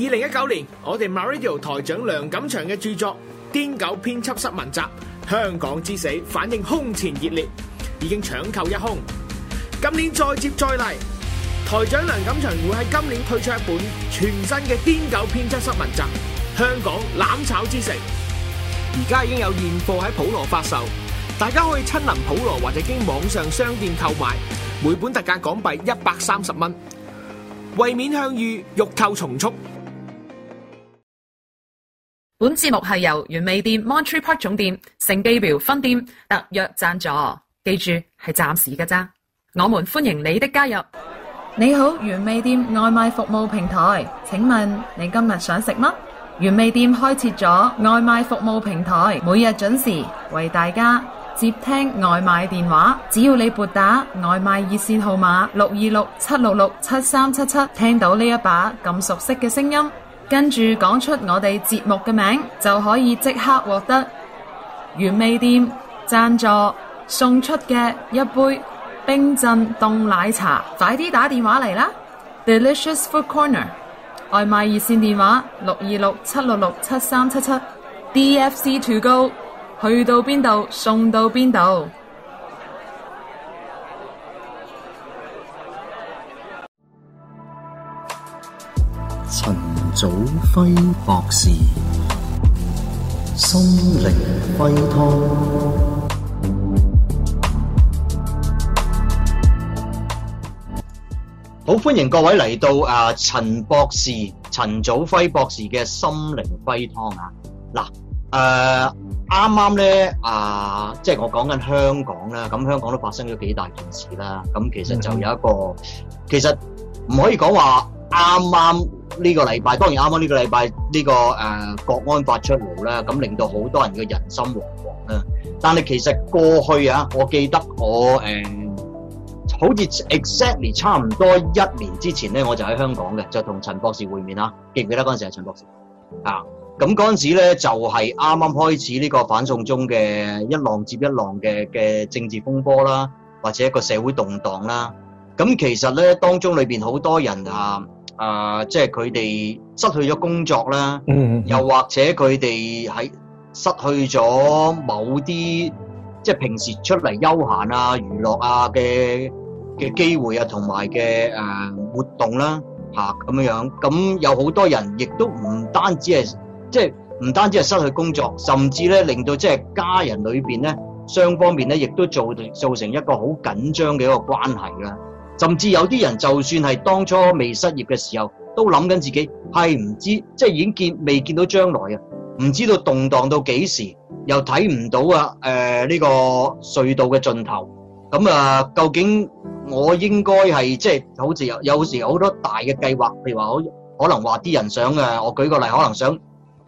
二零一九年，我哋 MyRadio 台長梁錦祥嘅著作《癲狗編輯室文集》香港之死反應空前熱烈，已經搶購一空。今年再接再厲，台長梁錦祥會喺今年推出一本全新嘅《癲狗編輯室文集》香港攬炒之城》，而家已經有現貨喺普羅發售，大家可以親臨普羅或者經網上商店購買，每本特價港幣一百三十蚊，為免向隅，欲購從速。本節目係由原味店 Monterey Park 總店、San Gabriel 分店特約贊助，記住係暫時嘅咋。我們歡迎你的加入。你好，原味店外賣服務平台，請問你今日想食乜？原味店開設咗外賣服務平台，每日準時為大家接聽外賣電話。只要你撥打外賣熱線號碼六二六七六六七三七七，聽到呢一把咁熟悉嘅聲音。跟住講出我哋節目嘅名，就可以即刻獲得原味店贊助送出嘅一杯冰鎮凍奶茶。快啲打電話嚟啦！Delicious Food Corner 外賣熱線電話六二六七六六七三七七。DFC To Go 去到邊度送到邊度？陳祖輝博士心靈雞湯，好歡迎各位嚟到啊！陳博士、陳祖輝博士嘅心靈雞湯啊！嗱，誒，啱啱咧啊，即係我講緊香港啦，咁香港都發生咗幾大件事啦，咁其實就有一個，其實唔可以講話。啱啱呢個禮拜，當然啱啱呢個禮拜呢、呢個誒、呃、國安法出爐啦，咁令到好多人嘅人心惶惶啊！但係其實過去啊，我記得我誒、呃，好似 exactly 差唔多一年之前咧，我就喺香港嘅，就同陳博士會面啦，記唔記得嗰陣時係陳博士啊？咁嗰陣時咧就係啱啱開始呢個反送中嘅一浪接一浪嘅嘅政治風波啦，或者一個社會動盪啦。咁其實咧當中裏邊好多人啊～啊、呃，即係佢哋失去咗工作啦、嗯嗯，又或者佢哋喺失去咗某啲即係平時出嚟休閒啊、娛樂啊嘅嘅機會啊，同埋嘅誒活動啦、啊，嚇咁樣樣，咁有好多人亦都唔單止係即係唔單止係失去工作，甚至咧令到即係家人裏邊咧雙方面咧，亦都造造成一個好緊張嘅一個關係啦。甚至有啲人就算係當初未失業嘅時候，都諗緊自己係唔知，即係已經見未見到將來啊！唔知道動盪到幾時，又睇唔到啊！呢、呃呢個隧道嘅盡頭，咁、嗯、啊，究竟我應該係即係好似有，有時好多大嘅計劃，譬如話好可能話啲人想誒，我舉個例，可能想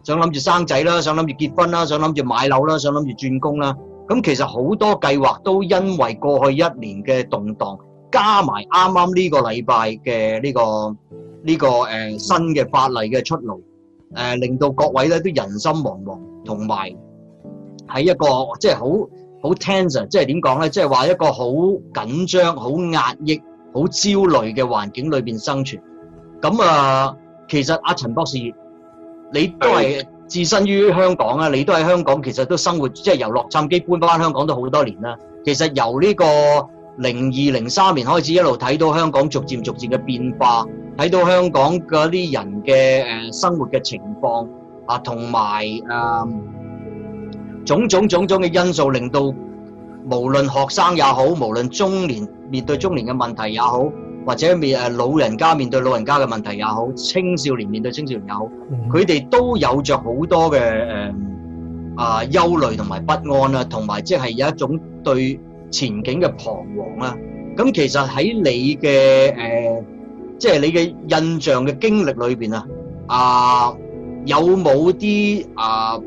想諗住生仔啦，想諗住結婚啦，想諗住買樓啦，想諗住轉工啦。咁、嗯、其實好多計劃都因為過去一年嘅動盪。加埋啱啱呢個禮拜嘅呢個呢個誒新嘅法例嘅出爐，誒令到各位咧都人心惶惶，同埋喺一個即係好好 tense，即係點講咧？即係話一個好緊張、好壓抑、好焦慮嘅環境裏邊生存。咁啊，其實阿陳博士，你都係置身於香港啊，你都喺香港，其實都生活即係由洛杉磯搬翻香港都好多年啦。其實由呢個零二零三年開始，一路睇到香港逐漸逐漸嘅變化，睇到香港嗰啲人嘅誒生活嘅情況啊，同埋誒種種種種嘅因素令到無論學生也好，無論中年面對中年嘅問題也好，或者面誒老人家面對老人家嘅問題也好，青少年面對青少年也好，佢哋都有着好多嘅誒啊憂慮同埋不安啊，同埋即係有一種對前景嘅彷徨啊，咁其實喺你嘅誒即係你嘅印象嘅經歷裏邊啊，啊有冇啲啊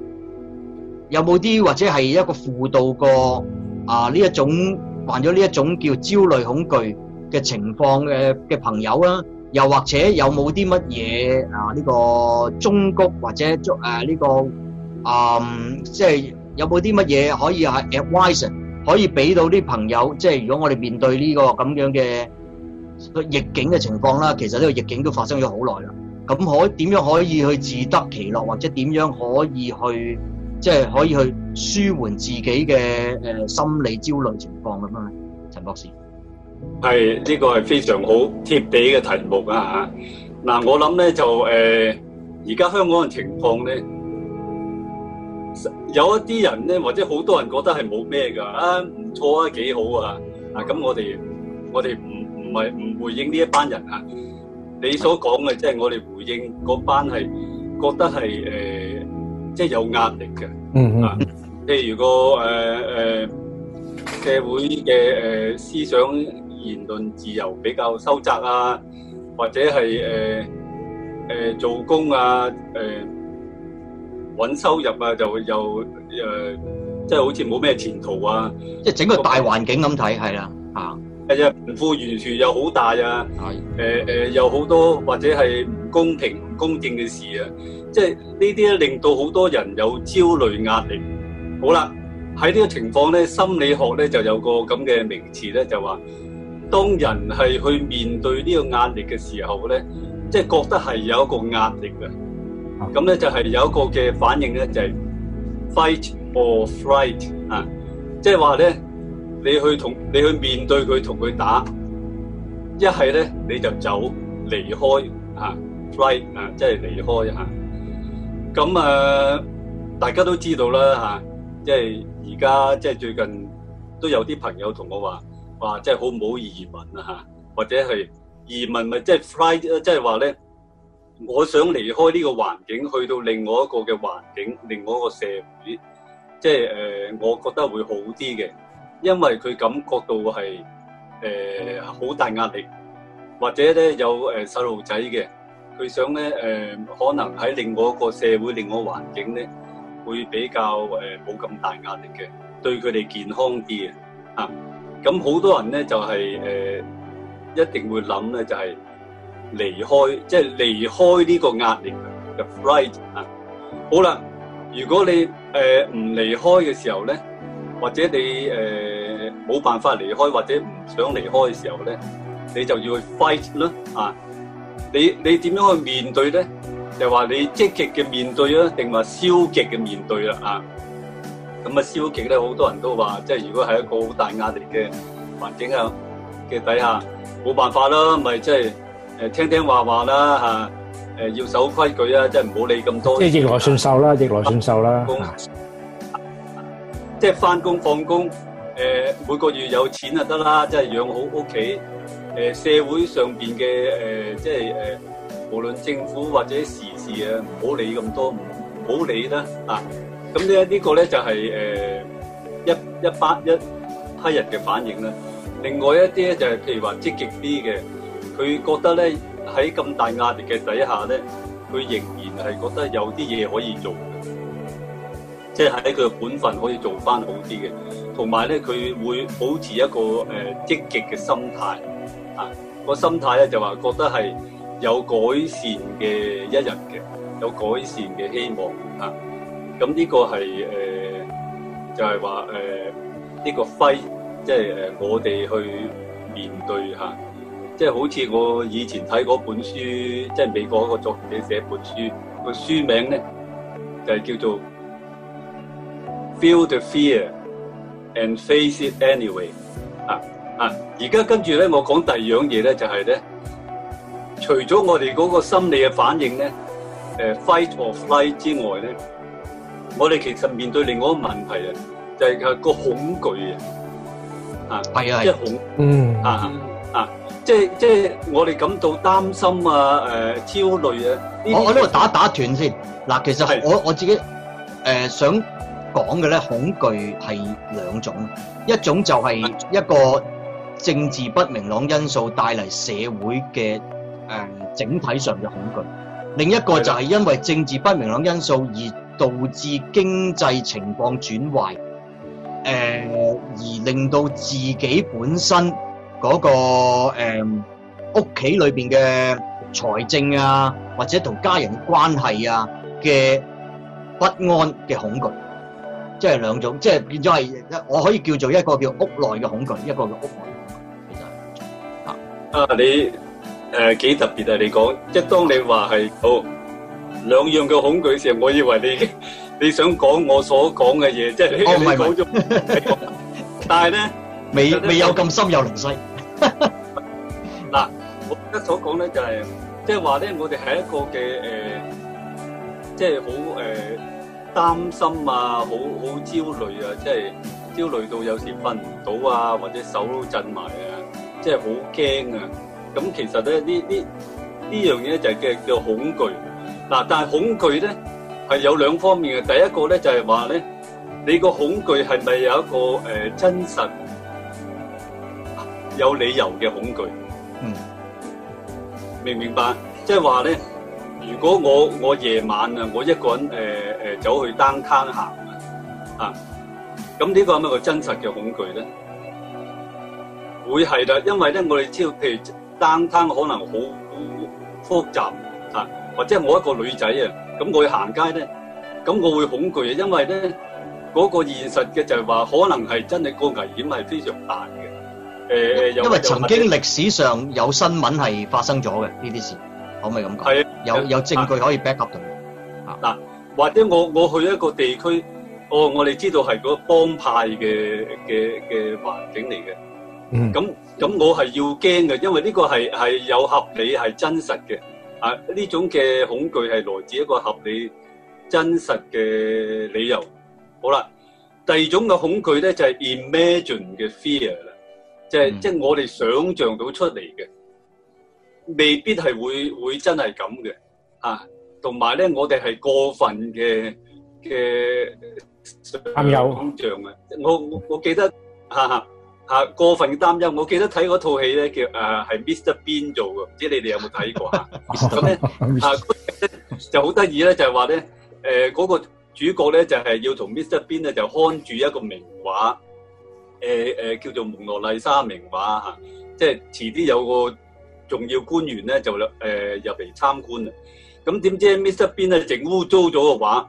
有冇啲或者係一個輔導過啊呢一種患咗呢一種叫焦慮恐懼嘅情況嘅嘅朋友啊？又或者有冇啲乜嘢啊呢個忠告或者誒呢個啊，即係有冇啲乜嘢可以係 advising 可以俾到啲朋友，即係如果我哋面對呢、這個咁樣嘅逆境嘅情況啦，其實呢個逆境都發生咗好耐啦。咁可點樣可以去自得其樂，或者點樣可以去即係可以去舒緩自己嘅誒、呃、心理焦慮情況咁啊？陳、嗯、博士，係呢、這個係非常好貼地嘅題目、嗯、啊！嗱，我諗咧就誒，而、呃、家香港嘅情況咧。有一啲人咧，或者好多人覺得係冇咩㗎。啊，唔錯啊，幾好啊，啊咁我哋我哋唔唔係唔回應呢一班人啊，你所講嘅即係我哋回應嗰班係覺得係誒即係有壓力嘅，嗯嗯啊，譬如個誒誒社會嘅誒思想言論自由比較收窄啊，或者係誒誒做工啊誒。搵收入啊，就會又誒，即、呃、係好似冇咩前途啊！即係整個大環境咁睇，係、嗯、啦，嚇，一隻貧富懸殊又好大啊，係，誒、呃、誒、呃，又好多或者係唔公平、唔公正嘅事啊！即係呢啲咧令到好多人有焦慮壓力。好啦，喺呢個情況咧，心理學咧就有個咁嘅名詞咧，就話當人係去面對呢個壓力嘅時候咧，即係覺得係有一個壓力嘅。咁咧就係有一個嘅反應咧，就係 fight or flight 啊，即係話咧，你去同你去面對佢同佢打，一係咧你就走離開啊 flight 啊，即係離開一下。咁啊，啊，大家都知道啦吓、啊，即係而家即係最近都有啲朋友同我話話即係好唔好移民啊吓，或者係移民咪、就是、即係 flight，即係話咧。我想離開呢個環境，去到另外一個嘅環境，另外一個社會，即係，呃，我覺得會好啲嘅，因為佢感覺到係，呃，好大壓力，或者有細路仔嘅，佢想呢，呃，可能喺另外一個社會，另外一個環境呢，會比較，呃，冇咁大壓力嘅，對佢哋健康啲嘅吓。咁，好多人呢，就係，呃，一定會諗呢，就係，離開，即係離開呢個壓力嘅 flight 啊！好啦，如果你誒唔離開嘅時候咧，或者你誒冇辦法離開，或者唔想離開嘅時候咧，你就要去 fight 啦啊！你你點樣去面對咧？就話你積極嘅面對啦，定話消極嘅面對啦啊！咁啊，消極咧好多人都話，即係如果係一個好大壓力嘅環境啊嘅底下，冇辦法啦，咪即係。誒，聽聽話話啦吓，誒要守規矩啊，即係唔好理咁多。即係逆來順受啦，逆來順受啦。即係翻工放工，誒，每個月有錢就得啦，即係養好屋企，誒，社會上邊嘅誒，即係誒，無論政府或者時事啊，唔好理咁多，唔好理啦啊。咁呢呢個咧就係誒一一百一批人嘅反應啦。另外一啲咧就係譬如話積極啲嘅。佢覺得咧喺咁大壓力嘅底下咧，佢仍然係覺得有啲嘢可以做嘅，即係喺佢嘅本分可以做翻好啲嘅。同埋咧，佢會保持一個誒積極嘅心態啊，個心態咧就話覺得係有改善嘅一日嘅，有改善嘅希望啊。咁呢個係誒、呃，就係話誒呢個 fight，即係誒我哋去面對嚇。啊。即係好似我以前睇嗰本書，即係美國一個作者寫本書，個書名咧就係叫做《Feel the Fear and Face it Anyway》啊啊！而家跟住咧，我講第二樣嘢咧，就係咧，除咗我哋嗰個心理嘅反應咧，誒 Fight or Flight 之外咧，我哋其實面對另外一個問題啊，就係個恐懼啊，係啊，即係恐嗯，嗯，嗯啊啊。即係我哋感到擔心啊！誒、呃，焦慮啊！我我呢打打斷先嗱，其實係我我自己誒、呃、想講嘅咧，恐懼係兩種，一種就係一個政治不明朗因素帶嚟社會嘅誒、呃、整體上嘅恐懼，另一個就係因為政治不明朗因素而導致經濟情況轉壞，誒、呃、而令到自己本身。嗰個誒，屋企裏邊嘅財政啊，或者同家人關係啊嘅不安嘅恐懼，即係兩種，即係變咗係，我可以叫做一個叫屋內嘅恐懼，一個叫屋外嘅恐懼，其實係兩種啊。啊你誒幾特別啊！你講即當你話係好兩樣嘅恐懼時，我以為你你想講我所講嘅嘢，即係哦唔係唔係，但係咧未未有咁深有靈犀。嗱，我而家所講咧就係，即係話咧，我哋係一個嘅誒，即係好誒擔心啊，好好焦慮啊，即係焦慮到有時瞓唔到啊，或者手都震埋啊，即係好驚啊。咁其實咧呢呢呢樣嘢咧就係叫叫恐懼。嗱，但係恐懼咧係有兩方面嘅，第一個咧就係話咧，你個恐懼係咪有一個誒真實？有理由嘅恐懼，明、嗯、唔明白？即係話咧，如果我我夜晚啊，我一個人誒誒、呃、走去單攤行啊，咁呢個係咪個真實嘅恐懼咧？會係啦，因為咧我哋知道譬如單攤可能好複雜啊，或者我一個女仔啊，咁我去行街咧，咁我會恐懼，因為咧嗰、那個現實嘅就係話，可能係真係個危險係非常大的。誒誒，因為曾經歷史上有新聞係發生咗嘅呢啲事，可唔可以咁講？係有有證據可以 back up 到、啊、嗱、啊啊，或者我我去一個地區，哦，我哋知道係個幫派嘅嘅嘅環境嚟嘅。嗯。咁咁，我係要驚嘅，因為呢個係係有合理、係真實嘅。啊，呢種嘅恐懼係來自一個合理、真實嘅理由。好啦，第二種嘅恐懼咧就係 imagine 嘅 fear 啦。即係即係我哋想象到出嚟嘅，未必係會會真係咁嘅，吓，同埋咧我哋係過分嘅嘅想象啊，我、Hello. 我我記得吓吓過分嘅擔憂，我記得睇嗰套戲咧叫誒係、啊、Mr. Bean 做嘅，唔知你哋有冇睇過吓？咁 咧 Mr .啊，就好得意咧，就係話咧誒嗰個主角咧就係、是、要同 Mr. Bean 咧就看住一個名畫。誒、呃、誒，叫做蒙娜麗莎名畫吓，即係遲啲有個重要官員咧就誒、呃、入嚟參觀啦。咁點知 Mr. 邊咧整污糟咗個畫，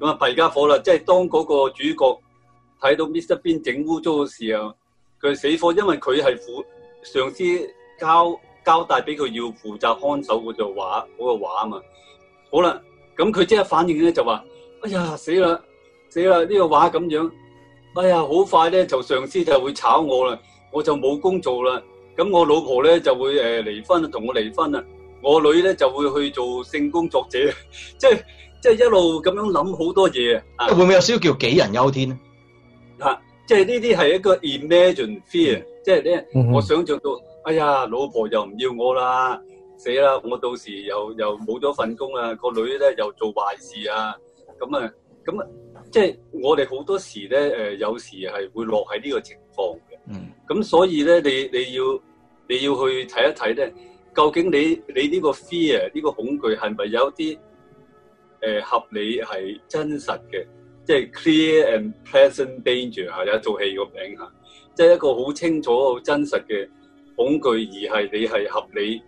咁啊弊家伙啦！即係當嗰個主角睇到 Mr. 邊整污糟嘅時候，佢死火，因為佢係負上司交交帶俾佢要負責看守嗰座畫嗰個畫啊、那個、嘛。好啦，咁佢即刻反應咧就話：哎呀，死啦死啦！呢、這個畫咁樣。哎呀，好快咧就上司就會炒我啦，我就冇工做啦。咁我老婆咧就會誒離婚同我離婚啊。我女咧就會去做性工作者，即係即係一路咁樣諗好多嘢啊。會唔會有少少叫杞人憂天咧？吓，即係呢啲係一個 imagine fear，即係咧我想象到，哎呀，老婆又唔要我啦，死啦！我到時又又冇咗份工啊，個女咧又做壞事啊，咁啊，咁啊。即係我哋好多時咧，誒，有時係會落喺呢個情況嘅。咁、嗯、所以咧，你你要你要去睇一睇咧，究竟你你呢個 fear 呢個恐懼係咪有啲誒、呃、合理係真實嘅？即、就、係、是、clear and present danger 吓，有一套戲個名吓，即、就、係、是、一個好清楚、好真實嘅恐懼，而係你係合理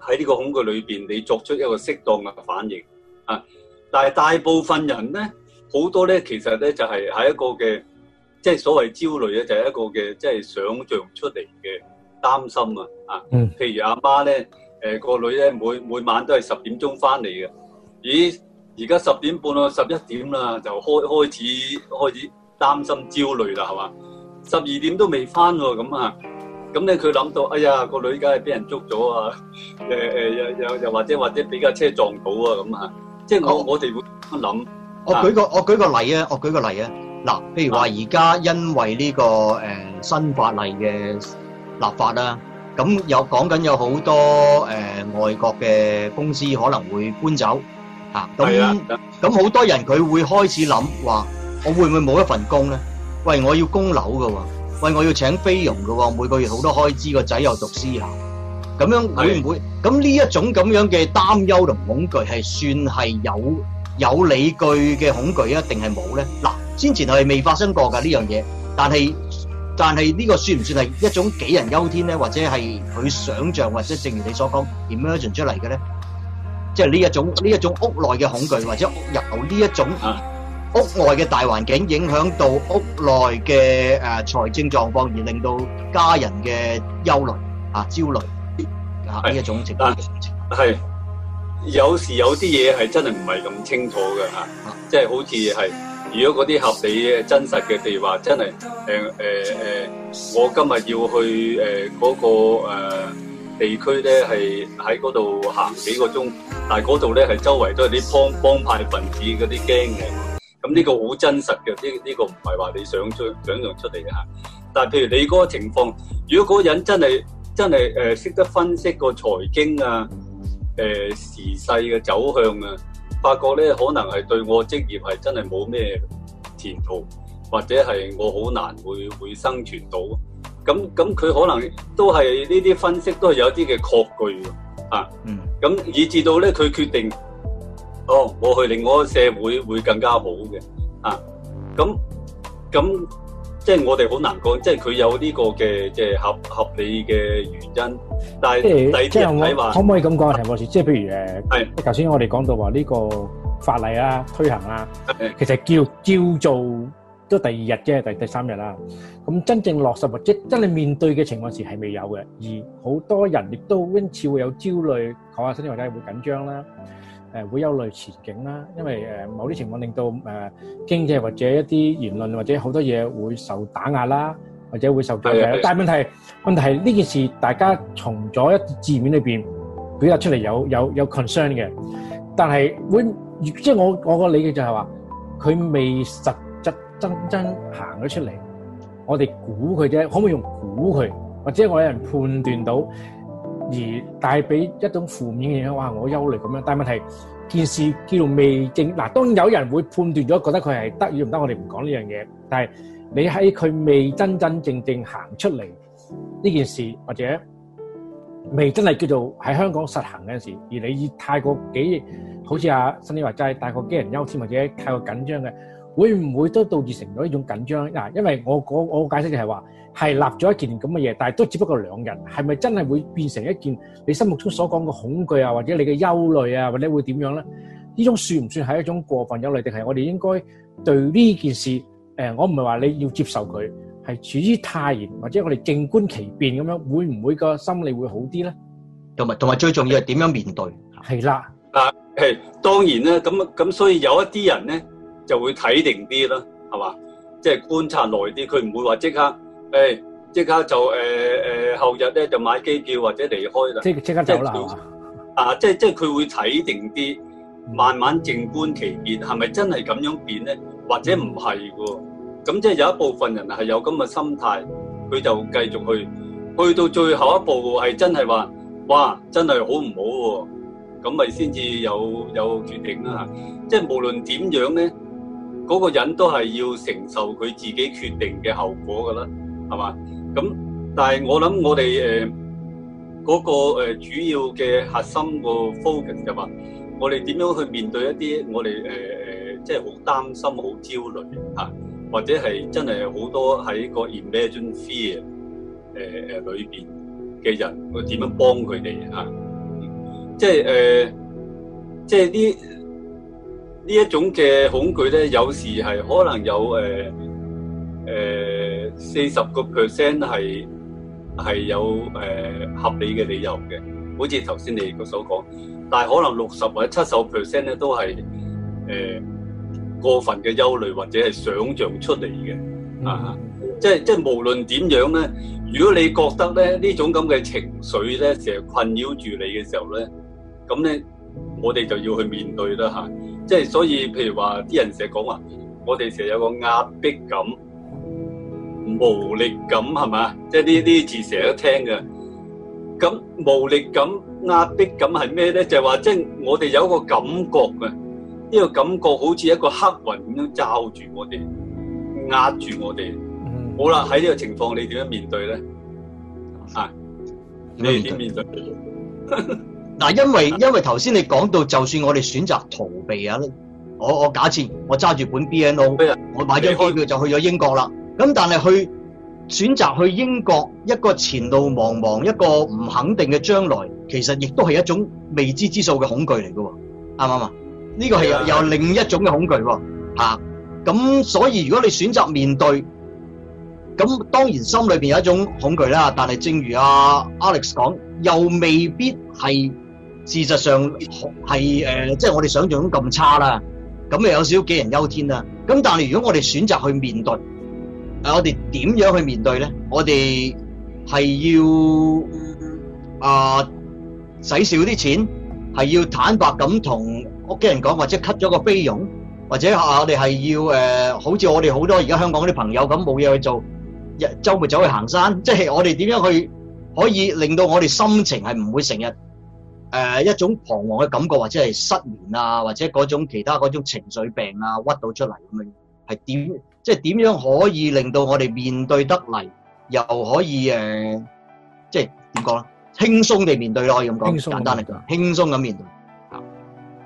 喺呢個恐懼裏邊，你作出一個適當嘅反應啊！但係大部分人咧。好多咧，其實咧就係喺一個嘅，即係所謂焦慮咧，就係一個嘅，即係想像出嚟嘅擔心啊！啊，嗯，譬如阿媽咧，誒，呃，個女咧，每每晚都係十點鐘翻嚟嘅。咦，而家十點半啊，十一點啦，就開開始開始擔心焦慮啦，係嘛？十二點都未翻喎，咁啊，咁咧佢諗到，哎呀，個女依家係俾人捉咗啊！誒，啊，誒，又又又或者或者俾架車撞到啊！咁啊，即係我我哋會一諗。我舉個我舉個例啊！我舉個例啊！嗱，譬如話而家因為呢個誒新法例嘅立法啦，咁有講緊有好多誒外國嘅公司可能會搬走，嚇咁咁好多人佢會開始諗話：我會唔會冇一份工咧？喂，我要供樓㗎喎，喂，我要請菲傭㗎喎，每個月好多開支，個仔又讀私校啊！咁樣會唔會？咁呢一種咁樣嘅擔憂同恐懼係算係有。有理據嘅恐懼啊，定係冇咧？嗱，先前係未發生過噶呢樣嘢，但係但係呢個算唔算係一種杞人憂天咧？或者係佢想象，或者正如你所講，emerge 出嚟嘅咧，即係呢一種呢一種屋內嘅恐懼，或者由呢一種屋外嘅大環境影響到屋內嘅誒財政狀況，而令到家人嘅憂慮啊焦慮啊呢一種情況係。有時有啲嘢係真係唔係咁清楚嘅嚇，即係好似係，如果嗰啲合理嘅真實嘅，譬如話真係誒誒誒，我今日要去誒嗰個誒地區咧，係喺嗰度行幾個鐘，但係嗰度咧係周圍都係啲幫幫派分子嗰啲驚嘅，咁呢個好真實嘅，呢呢個唔係話你想，想出想像出嚟嘅嚇。但係譬如你嗰個情況，如果嗰人真係真係誒識得分析個財經啊。誒、呃，時勢嘅走向啊，發覺咧可能係對我職業係真係冇咩前途，或者係我好難會會生存到。咁咁佢可能都係呢啲分析都是有些的的，都係有啲嘅確據啊。嗯。咁以至到咧，佢決定，哦，我去令我個社會會更加好嘅。啊，咁咁。那即係我哋好難講，即係佢有呢個嘅即係合合理嘅原因。但係第一，即係可唔可以咁講嘅情況時，即係譬如誒，係頭先我哋講到話呢個法例啦，推行啦，其實叫叫做都第二日啫，第第三日啦。咁真正落實即係真係面對嘅情況時係未有嘅，而好多人亦都開始會有焦慮，考下身先或者會緊張啦。誒會憂慮前景啦，因為某啲情況令到誒經濟或者一啲言論或者好多嘢會受打壓啦，或者會受打壓、哎。但問題、哎、問題係呢件事，大家從咗一字面裏面表達出嚟有有有 concern 嘅，但係會即係我我個理解嘅就係話，佢未實質真真行咗出嚟，我哋估佢啫，可唔可以用估佢，或者我有人判斷到？而帶俾一種負面嘅影響，話，我憂慮咁樣，但係問題件事叫做未正嗱，當然有人會判斷咗，覺得佢係得與唔得，我哋唔講呢樣嘢。但係你喺佢未真真正正行出嚟呢件事，或者未真係叫做喺香港實行嗰陣時，而你以太過幾好似阿 Sunny 話齋，太過杞人憂天，或者太過緊張嘅。會唔會都導致成咗一種緊張咧？因為我我解釋嘅係話，係立咗一件咁嘅嘢，但係都只不過兩人。係咪真係會變成一件你心目中所講嘅恐懼啊，或者你嘅憂慮啊，或者會點樣咧？呢種算唔算係一種過分憂慮，定係我哋應該對呢件事？誒，我唔係話你要接受佢，係處於泰然，或者我哋靜觀其變咁樣，會唔會個心理會好啲咧？同埋同埋最重要係點樣面對？係啦，嗱、啊，係當然啦，咁咁所以有一啲人咧。就會睇定啲啦，係嘛？即係、就是、觀察耐啲，佢唔會話即刻，誒、哎，即刻就誒、呃呃、後日咧就買機票或者離開啦。即刻即刻走啦？啊，即啊即係佢會睇定啲、嗯，慢慢靜觀其變，係咪真係咁樣變咧？或者唔係嘅？咁、嗯、即係有一部分人係有咁嘅心態，佢就繼續去，去到最後一步係真係話，哇，真係好唔好喎、啊？咁咪先至有有決定啦、嗯、即係無論點樣咧。嗰、嗰個人都係要承受佢自己決定嘅後果噶啦，係嘛？咁但係我諗我哋嗰、呃嗰個、呃、主要嘅核心、嗰個 focus 就話，我哋點樣去面對一啲我哋、呃、即係好擔心、好焦慮、啊、或者係真係好多喺個 imagine fear 誒裏邊嘅人，我點樣幫佢哋嚇？即係誒、呃，即係啲。這呢一種嘅恐懼咧，有時係可能有誒誒四十個 percent 係係有誒、呃、合理嘅理由嘅，好似頭先你所講。但係可能六十或者七十 percent 咧都係誒、呃、過分嘅憂慮或者係想像出嚟嘅、嗯、啊！即係即係無論點樣咧，如果你覺得咧呢這種咁嘅情緒咧成日困擾住你嘅時候咧，咁咧我哋就要去面對啦嚇。啊即係所以，譬如話啲人成日講話，我哋成日有個壓迫感、無力感，係咪？即係呢啲字成日都聽嘅。咁無力感、壓迫感係咩咧？就係話，即係我哋有一個感覺嘅，呢、這個感覺好似一個黑雲咁樣罩住我哋，壓住我哋。好啦，喺呢個情況，你點樣面對咧、嗯？啊，你點面對？嗯 嗱，因為因為頭先你講到，就算我哋選擇逃避啊，我我假設我揸住本 BNO，我買咗機票就去咗英國啦。咁但係去選擇去英國一個前路茫茫，一個唔肯定嘅將來，其實亦都係一種未知之數嘅恐懼嚟嘅，啱唔啱啊？呢、呢個係又係另一種嘅恐懼喎，咁、yeah. 啊、所以如果你選擇面對，咁當然心裏面有一種恐懼啦。但係正如阿、啊、Alex 講，又未必係。事實上係誒，即係我哋想象咁咁差啦，咁又有少少杞人憂天啦。咁但係如果我哋選擇去面對，我哋點樣去面對咧？我哋係要啊使少啲錢，係要坦白咁同屋企人講，或者 cut 咗個菲傭，或者啊我哋係要誒，好似我哋好多而家香港嗰啲朋友咁，冇嘢去做，日週末走去行山，即係我哋點樣去可以令到我哋心情係唔會成日。誒一種彷徨嘅感覺，或者係失眠啊，或者嗰種其他嗰種情緒病啊，屈到出嚟咁樣，係點即係點樣可以令到我哋面對得嚟，又可以誒，即係點講咧？輕鬆地面對咯，可以咁講，簡單嚟講，輕鬆咁面對。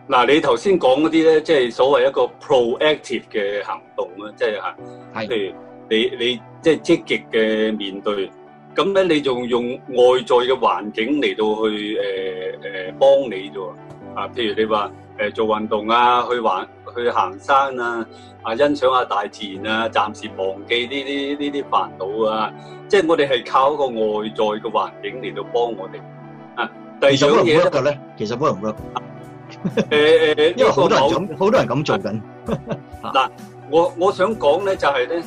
嗱，你頭先講嗰啲咧，即係所謂一個 proactive 嘅行動啦，即係吓，譬如你你即係積極嘅面對。咁咧，你仲用外在嘅環境嚟到去誒誒幫你啫喎！啊，譬如你話誒做運動啊，去玩去行山啊，啊欣賞下大自然啊，暫時忘記呢啲呢啲煩惱啊、嗯！即係我哋係靠一個外在嘅環境嚟到幫我哋。啊，第二樣嘢度咧，其實唔得。誒誒，因為好多人咁，好 多人咁做緊。嗱， 我我想講咧、就是，就係咧。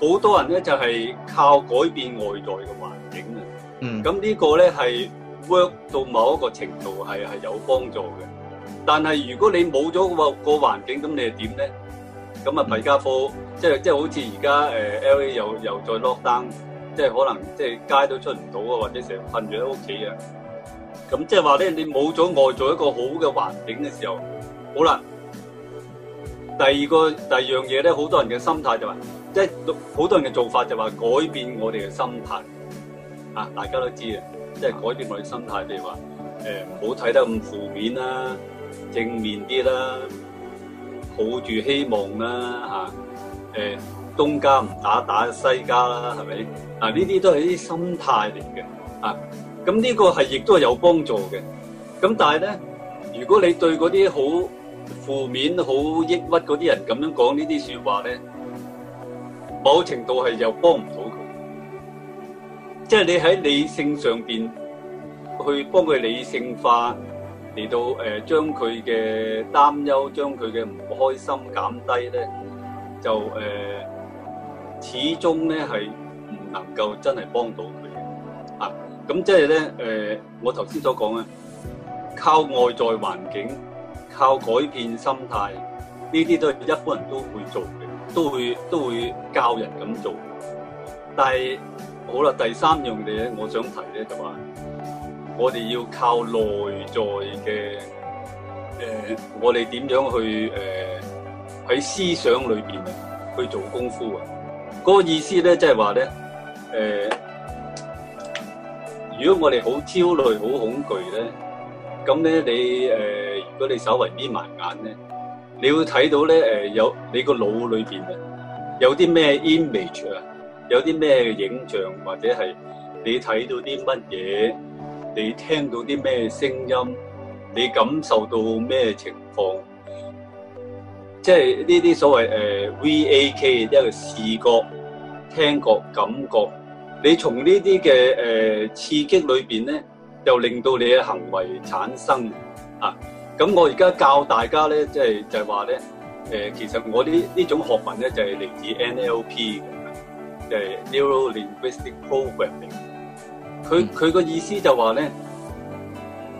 好多人咧就係、是、靠改變外在嘅環境啊，咁、嗯、呢個咧係 work 到某一個程度係係有幫助嘅。但係如果你冇咗個個環境，咁你係點咧？咁啊，弊家伙，即係即係好似而家 LA 又又再 lock down，即係可能即係街都出唔到啊，或者成日瞓住喺屋企啊。咁即係話咧，你冇咗外在一個好嘅環境嘅時候，好啦。第二個第二樣嘢咧，好多人嘅心態就係、是。即係好多人嘅做法就話改變我哋嘅心態，啊，大家都知啊，即係改變我哋心態，譬如話誒，唔好睇得咁負面啦，正面啲啦，抱住希望啦，吓，誒，東家唔打打西家啦，係咪？嗱，呢啲都係啲心態嚟嘅，啊，咁呢個係亦都係有幫助嘅，咁但係咧，如果你對嗰啲好負面、好抑鬱嗰啲人咁樣講呢啲說話咧。某程度係又幫唔到佢，即係你喺理性上邊去幫佢理性化，嚟到誒將佢嘅擔憂、將佢嘅唔開心減低咧，就誒、呃、始終咧係唔能夠真係幫到佢嘅啊！咁即係咧誒，我頭先所講啊，靠外在環境，靠改變心態，呢啲都係一般人都會做嘅。都會都會教人咁做，但係好啦，第三樣嘢咧，我想提咧，就話我哋要靠內在嘅誒、呃，我哋點樣去誒喺、呃、思想裏邊啊去做功夫啊？嗰、嗰個意思咧，即係話咧誒，如果我哋好焦慮、好恐懼咧，咁咧你誒、呃，如果你稍為眯埋眼咧。你要睇到咧，誒有你個腦裏邊啊，有啲咩 image 啊，有啲咩影像，或者係你睇到啲乜嘢，你聽到啲咩聲音，你感受到咩情況，即係呢啲所謂誒 VAK，即係視覺、聽覺、感覺。你從呢啲嘅誒刺激裏邊咧，就令到你嘅行為產生啊。咁我而家教大家咧，即係就係話咧，誒、呃、其實我呢呢種學問咧就係、是、嚟自 NLP 嘅，即、就、係、是、Neuro Linguistic Programming。佢佢個意思就話咧，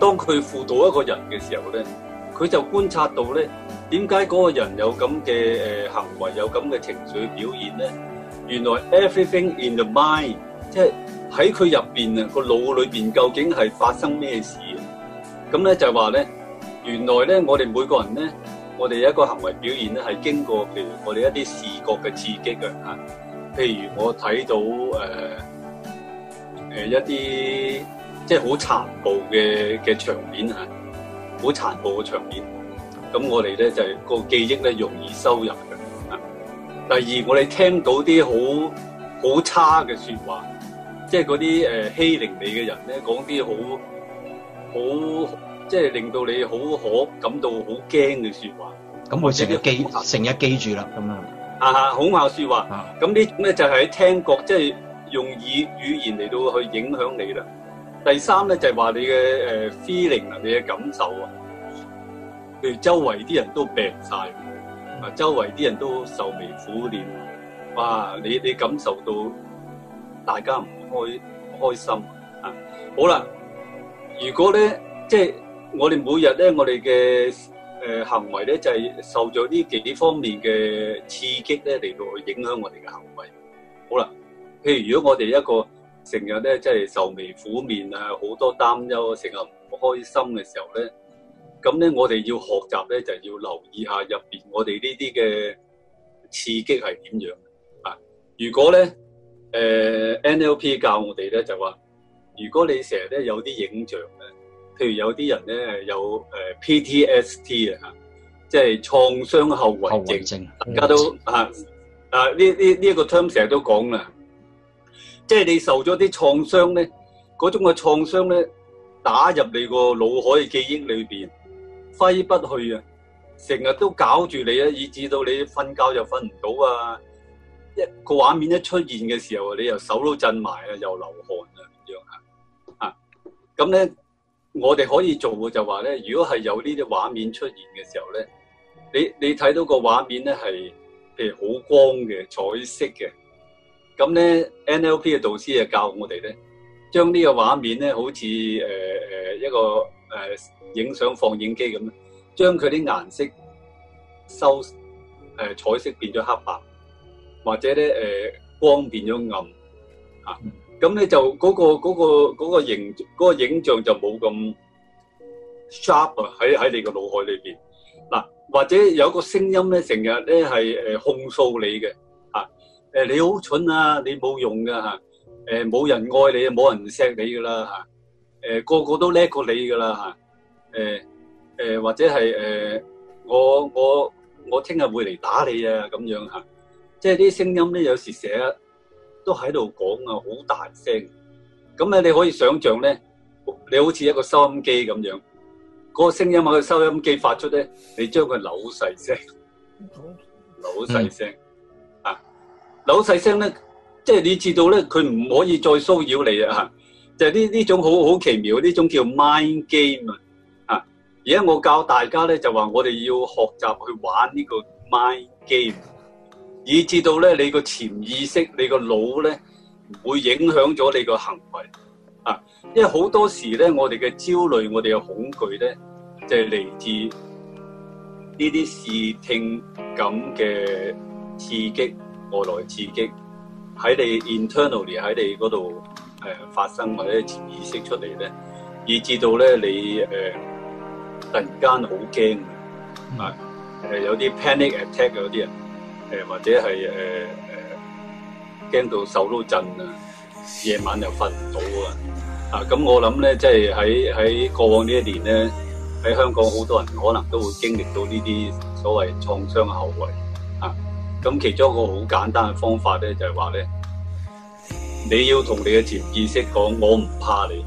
當佢輔導一個人嘅時候咧，佢就觀察到咧，點解嗰個人有咁嘅誒行為有咁嘅情緒表現咧？原來 everything in the mind，即係喺佢入邊啊個腦裏邊究竟係發生咩事呢？咁咧就話咧。原來咧，我哋每個人咧，我哋一個行為表現咧，係經過譬如我哋一啲視覺嘅刺激嘅、啊、譬如我睇到、呃呃、一啲即係好殘暴嘅嘅場面，好殘暴嘅場面，咁、啊、我哋咧就個、是、記憶咧容易收入嘅。第、啊、二，我哋聽到啲好好差嘅說話，即係嗰啲誒欺凌你嘅人咧，講啲好好。即係令到你好可感到好驚嘅說話，咁佢成日記，成日記住啦，咁啊，啊啊，恐嚇說話，咁呢咧就係喺聽覺，即係用語語言嚟到去影響你啦。第三咧就係話你嘅誒 feeling 啊，你嘅感受啊，譬如周圍啲人都病晒，啊，周圍啲人都愁眉苦臉，哇，你你感受到大家唔開開心啊，好啦，如果咧即係。我哋每日咧，我哋嘅、呃、行為咧，就係、是、受咗呢幾方面嘅刺激咧嚟到去影響我哋嘅行為。好啦，譬如如果我哋一個成日咧，即係愁眉苦面啊，好多擔憂，成日唔開心嘅時候咧，咁咧我哋要學習咧，就要留意下入邊我哋呢啲嘅刺激係點樣啊？如果咧誒、呃、NLP 教我哋咧，就話如果你成日咧有啲影像咧。譬如有啲人咧有誒 PTSD 啊，即係創傷後遺症。遺症，嗯、大家都、嗯、啊啊呢呢呢一個 term 成日都講啦，即係你受咗啲創傷咧，嗰種嘅創傷咧打入你個腦海嘅記憶裏邊，揮不去啊，成日都搞住你啊，以至到你瞓覺又瞓唔到啊，一個畫面一出現嘅時候，你又手都震埋啊，又流汗啊咁樣啊，啊咁咧。我哋可以做嘅就話咧，如果係有呢啲畫面出現嘅時候咧，你你睇到個畫面咧係，譬如好光嘅彩色嘅，咁咧 NLP 嘅導師啊教我哋咧，將呢個畫面咧好似誒誒一個誒、呃、影相放映機咁咧，將佢啲顏色收誒、呃、彩色變咗黑白，或者咧誒、呃、光變咗暗啊。咁咧就嗰個嗰個嗰個形嗰個影像就冇咁 sharp 啊！喺喺你個腦海裏邊嗱，或者有個聲音咧，成日咧係誒控訴你嘅嚇誒，你好蠢啊！你冇用噶嚇誒，冇人愛你啊，冇人錫你噶啦嚇誒，個個都叻過你噶啦嚇誒誒，或者係誒我我我聽日會嚟打你啊咁樣嚇，即係啲聲音咧有時寫。都喺度講啊，好大聲，咁咧你可以想象咧，你好似一個收音機咁樣，嗰個聲音喺個收音機發出咧，你將佢扭細聲，扭細聲、嗯、啊，扭細聲咧，即係你知道咧，佢唔可以再騷擾你啊，就係呢呢種好好奇妙，呢種叫 mind game 啊，啊，而家我教大家咧就話我哋要學習去玩呢個 mind game。以至到咧，你個潛意識你個腦咧，會影響咗你個行為啊！因為好多時咧，我哋嘅焦慮我哋嘅恐懼咧，即係嚟自呢啲視聽感嘅刺激、外來刺激喺你 internally 喺你嗰度誒發生或者潛意識出嚟咧，以至到咧你誒突然間好驚啊！誒、嗯、有啲 panic attack 啊，有啲人。誒，或者係誒誒，驚到手都震啊！夜晚又瞓唔到啊！啊，咁我諗咧，即係喺喺過往呢一年咧，喺香港好多人可能都會經歷到呢啲所謂創傷後遺。啊，咁其中一個好簡單嘅方法咧，就係話咧，你要同你嘅潛意識講，我唔怕你。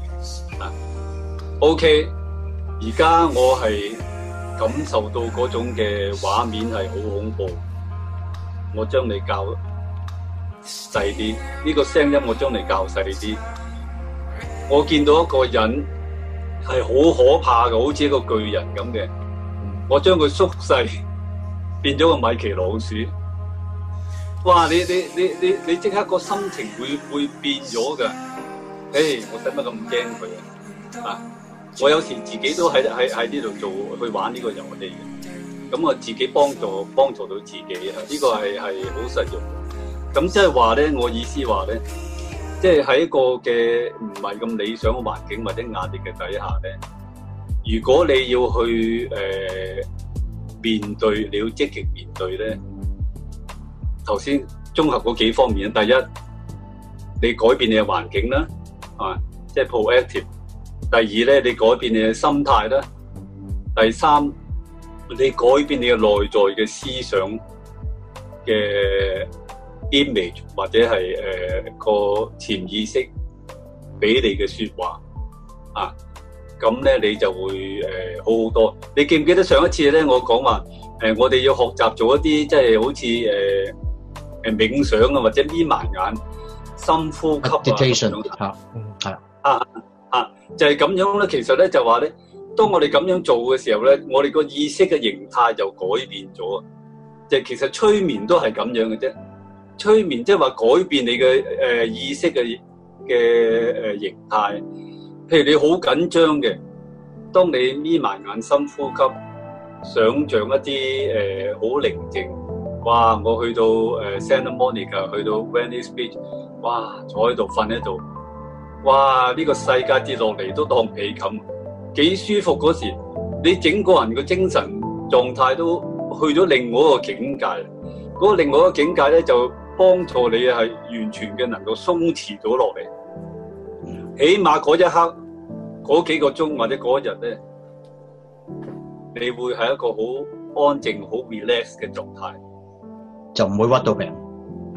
啊，OK，而家我係感受到嗰種嘅畫面係好恐怖。我將你較細啲。呢個聲音我將你較細啲。我見到一個人係好可怕噶，好似一個巨人咁嘅。我將佢縮細，變咗個米奇老鼠。哇！你你你你你即刻個心情會會變咗噶。誒，我使乜咁驚佢啊？啊！我有時自己都喺喺喺呢度做去玩呢個遊戲嘅。咁我自己幫助幫助到自己啊！呢個係係好實用的。咁即係話咧，我意思話咧，即係喺一個嘅唔係咁理想嘅環境或者壓力嘅底下咧，如果你要去誒面對，你要積極面對咧。頭先綜合嗰幾方面啊，第一，你改變你嘅環境啦，啊，即係 proactive。第二咧，你改變你嘅心態啦。第三。你改變你嘅內在嘅思想嘅 image，或者係誒個潛意識俾你嘅説話啊，咁咧你就會誒好好多。你記唔記得上一次咧，我講話誒，我哋要學習做一啲即係好似誒誒冥想啊，或者眯埋眼、深呼吸啊，嚇，係啊，啊啊，啊，就係咁樣咧。其實咧就話咧。當我哋咁樣做嘅時候咧，我哋個意識嘅形態就改變咗啊！其實催眠都係咁樣嘅啫，催眠即係話改變你嘅、呃、意識嘅嘅、呃、形態。譬如你好緊張嘅，當你眯埋眼深呼吸，想像一啲誒好寧靜。哇！我去到 Santa Monica，去到 Venice Beach，哇！坐喺度瞓喺度，哇！呢個世界跌落嚟都當被冚咁幾舒服嗰時，你整個人嘅精神狀態都去咗另外一個境界。嗰個另外一個境界咧，就幫助你係完全嘅能夠鬆弛咗落嚟。起碼嗰一刻、嗰幾個鐘或者嗰一日咧，你會係一個好安靜、好 relax 嘅狀態，就唔會屈到病，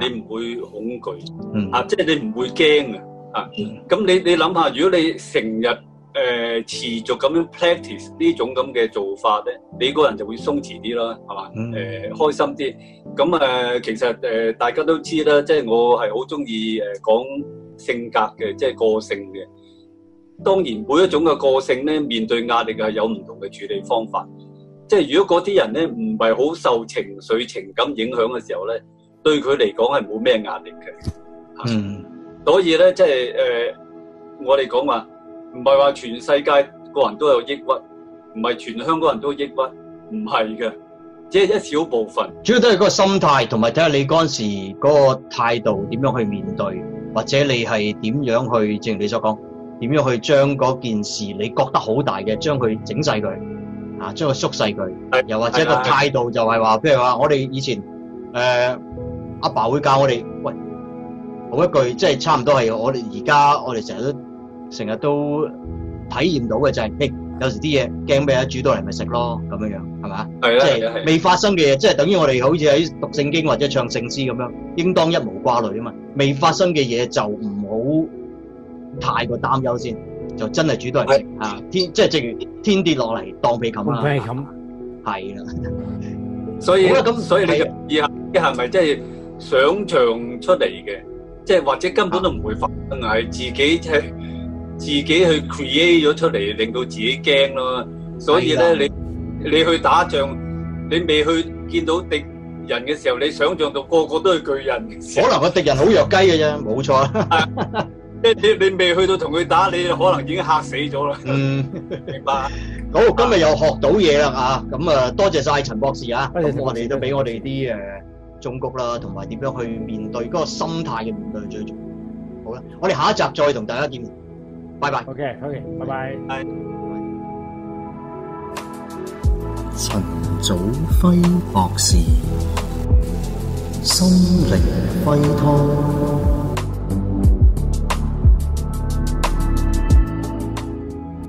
你唔會恐懼，啊，即係你唔會驚嘅。啊，咁你你諗下，如果你成日...誒、呃、持續咁樣 practice 呢種咁嘅做法咧，你個人就會鬆弛啲啦，係嘛？誒、嗯呃、開心啲。咁、呃、誒，其實誒、呃、大家都知啦，即係我係好鍾意誒講性格嘅，即係個性嘅。當然每一種嘅個性咧，面對壓力係有唔同嘅處理方法。即係如果嗰啲人咧唔係好受情緒情感影響嘅時候咧，對佢嚟講係冇咩壓力嘅。嗯，啊、所以咧，即係誒、呃，我哋講話。唔係話全世界個人都有抑鬱，唔係全香港人都有抑鬱，唔係嘅，只係一小部分。主要都係個心態，同埋睇下你嗰陣時嗰個態度點樣去面對，或者你係點樣去，正如你所講，點樣去將嗰件事你覺得好大嘅，將佢整晒佢，啊，將佢縮細佢，又或者個態度就係話，譬如話我哋以前誒阿、呃、爸爸會教我哋喂，講一句，即係差唔多係我哋而家我哋成日都。成日都體驗到嘅就係、是，誒有時啲嘢驚乜啊，煮到嚟咪食咯咁樣樣，係嘛？係啊！即、就、係、是、未發生嘅嘢，即係等於我哋好似喺讀聖經或者唱聖詩咁樣，應當一無掛慮啊嘛。未發生嘅嘢就唔好太過擔憂先，就真係煮到嚟食。天即係正如天跌落嚟當被冚啦，係啦。所以咁， 所以，所以是的你以後啲係咪即係想像出嚟嘅？即、就、係、是、或者根本都唔會發生，係自己即係。自己去 create 咗出嚟，令到自己驚咯。所以咧，你你去打仗，你未去見到敵人嘅時候，你想象到個個都係巨人，可能個敵人好弱雞嘅啫，冇錯。即係 你你未去到同佢打，你可能已經嚇死咗啦。嗯，明白。好，今日又學到嘢啦啊！咁啊，多謝晒陳博士，陳博士啊。咁我哋都俾我哋啲誒，忠告啦，同埋點樣去面對嗰個心態嘅面對最重要。好啦，我哋下一集再同大家見面。拜拜。OK，OK，拜拜。拜拜。陳祖輝博士心靈雞湯。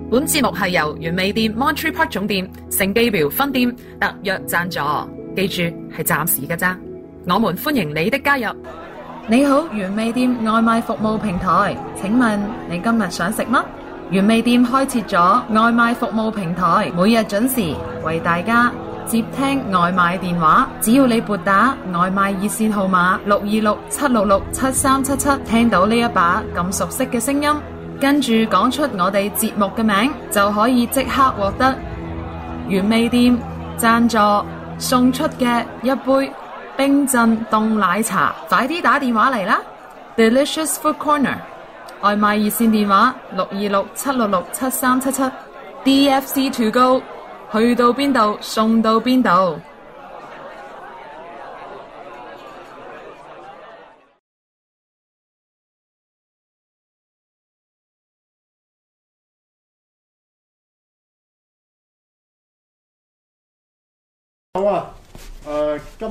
本節目係由完美店 Monterey Park 總店、聖蓋博分店特約贊助，記住係暫時噶咋。我們歡迎你的加入。你好，原味店外賣服務平台，請問你今日想食乜？原味店開設咗外賣服務平台，每日準時為大家接聽外賣電話。只要你撥打外賣熱線號碼六二六七六六七三七七，聽到呢一把咁熟悉嘅聲音，跟住講出我哋節目嘅名，就可以即刻獲得原味店贊助送出嘅一杯，冰鎮凍奶茶，快啲打電話嚟啦！Delicious Food Corner 外賣熱線電話六二六七六六七三七七，DFC to Go，去到邊度送到邊度。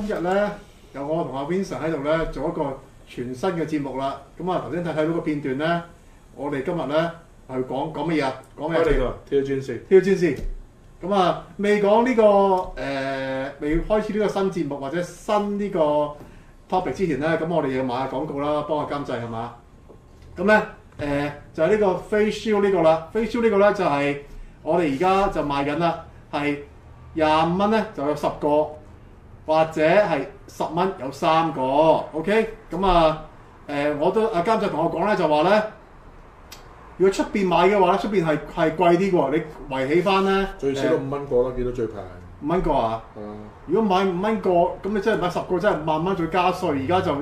今日咧有我同阿 Vincent 喺度咧做一個全新嘅節目啦。咁啊，頭先睇睇到個片段咧，我哋今日咧係講講乜嘢啊？講咩嘅？跳轉先，跳轉先。咁啊，未講呢個誒，未、呃、開始呢個新節目或者新呢個 topic 之前咧，咁我哋要賣下廣告啦，幫下監製係嘛？咁咧誒，就係、是、呢個 Face Shield 呢個啦。Face Shield 呢個咧就係我哋而家就賣緊啦，係廿五蚊咧就有十個。或者係十蚊有三個，OK？咁啊，誒、呃，我都阿監製同我講咧，就話咧，如果出邊買嘅話咧，出邊係係貴啲喎。你圍起翻咧，最少都五蚊個啦，幾、呃、多最平？五蚊個啊、嗯？如果買五蚊個，嗯呃個，啊啊呢個 OK、個，咁你真係買十個，真係萬蚊再加稅。而家就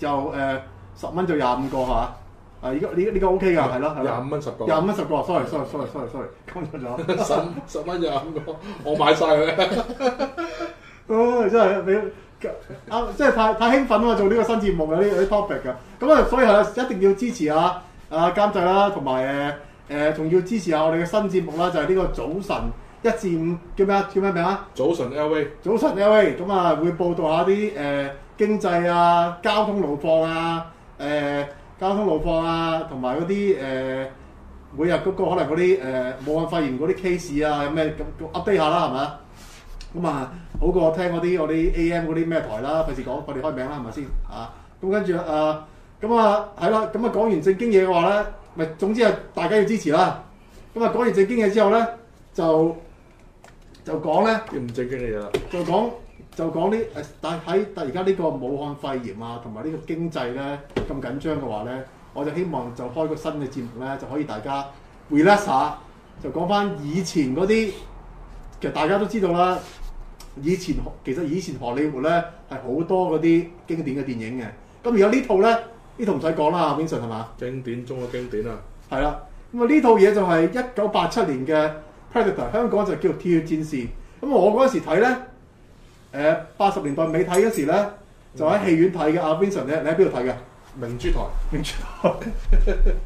又誒十蚊就廿五個嚇，啊而家，呢個呢個 OK 㗎，係咯係。廿五蚊十個。廿五蚊十個，sorry sorry sorry sorry sorry，講十十蚊廿五個，我買晒光佢。 哦、真係你啱，即係太太興奮啊！做呢個新節目有啲有啲 topic 㗎，咁啊，所以一定要支持啊啊監製啦，同埋誒誒仲要支持下我哋嘅新節目啦，就係、是、呢個早晨一至五叫咩啊？叫咩名啊？早晨 LV，早晨 LV，咁啊會報道下啲誒、呃、經濟啊、交通路況啊、誒、呃、交通路況啊，同埋嗰啲誒每日嗰個可能嗰啲誒武漢肺炎嗰啲 case 啊，有咩咁 update 下啦，係咪啊？咁啊，好過聽嗰啲我啲 AM 嗰啲咩台啦，費事講，我哋開名啦，係咪先？啊，咁跟住啊，咁啊，係啦，咁啊講完正經嘢嘅話咧，咪總之啊，大家要支持啦。咁啊講完正經嘢之後咧，就就講咧，就唔正經嘅嘢啦。就講就講呢誒，但喺但而家呢個武漢肺炎啊，同埋呢個經濟咧咁緊張嘅話咧，我就希望就開個新嘅節目咧，就可以大家 relax 下，就講翻以前嗰啲。其實大家都知道啦，以前其實以前荷里活咧係好多嗰啲經典嘅電影嘅。咁而家呢套咧，呢套唔使講啦，阿 Vincent 係嘛？經典中嘅經典啊！係啦，咁啊呢套嘢就係一九八七年嘅 Predator，香港就叫《鐵血戰士》那那。咁我嗰陣時睇咧，誒八十年代尾睇嗰時咧，就喺戲院睇嘅。阿、嗯、Vincent，你你喺邊度睇嘅？明珠台。明珠台。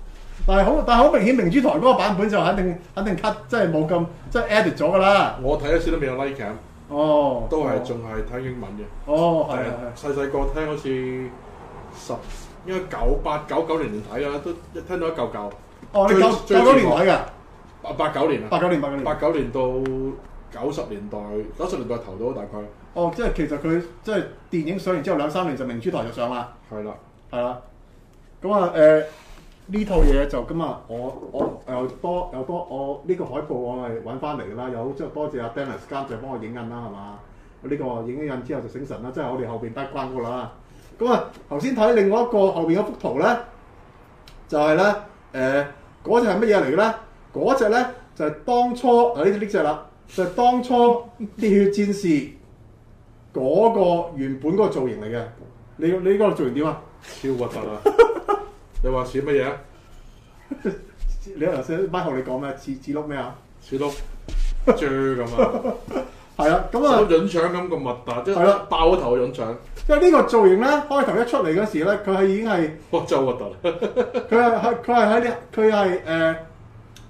但係好，但係好明顯，明珠台嗰個版本就肯定肯定 cut，即係冇咁即係 edit 咗噶啦。我睇一次都未有 like 咁、哦。哦，都係仲係睇英文嘅。哦，係係細細個聽好似十應該九八九九零年睇啦，都一聽到一嚿嚿。哦，你九九,九年睇噶？八八九年啊。八九年，八九年。八九年到九十年代，九十年代頭到大概。哦，即係其實佢即係電影上完之後兩三年就明珠台就上啦。係啦，係啦。咁啊，誒、呃。呢套嘢就今日我我又多又多，多我呢、呢個海報我係揾翻嚟噶啦，有即係多謝阿 Dennis 監製幫我影印啦，係嘛？呢、呢個影緊印之後就醒神啦，即係我哋後邊得關噶啦。咁啊，頭先睇另外一個後邊嗰幅圖咧，就係咧誒，嗰隻係乜嘢嚟嘅咧？嗰隻咧就係、係、當初誒呢隻啦，就係、係、當初鐵血戰士嗰個原本嗰個造型嚟嘅。你你呢個造型點啊？超核突啊！ 你話似乜嘢啊？你頭先 Michael 你講咩？似似碌咩啊？似碌，豬咁啊！係啊，咁啊，潤腸咁咁核突，係啦，爆個頭潤腸。因為呢個造型咧，開頭一出嚟嗰時咧，佢係已經係，哇，真核突！佢係係佢係喺佢係誒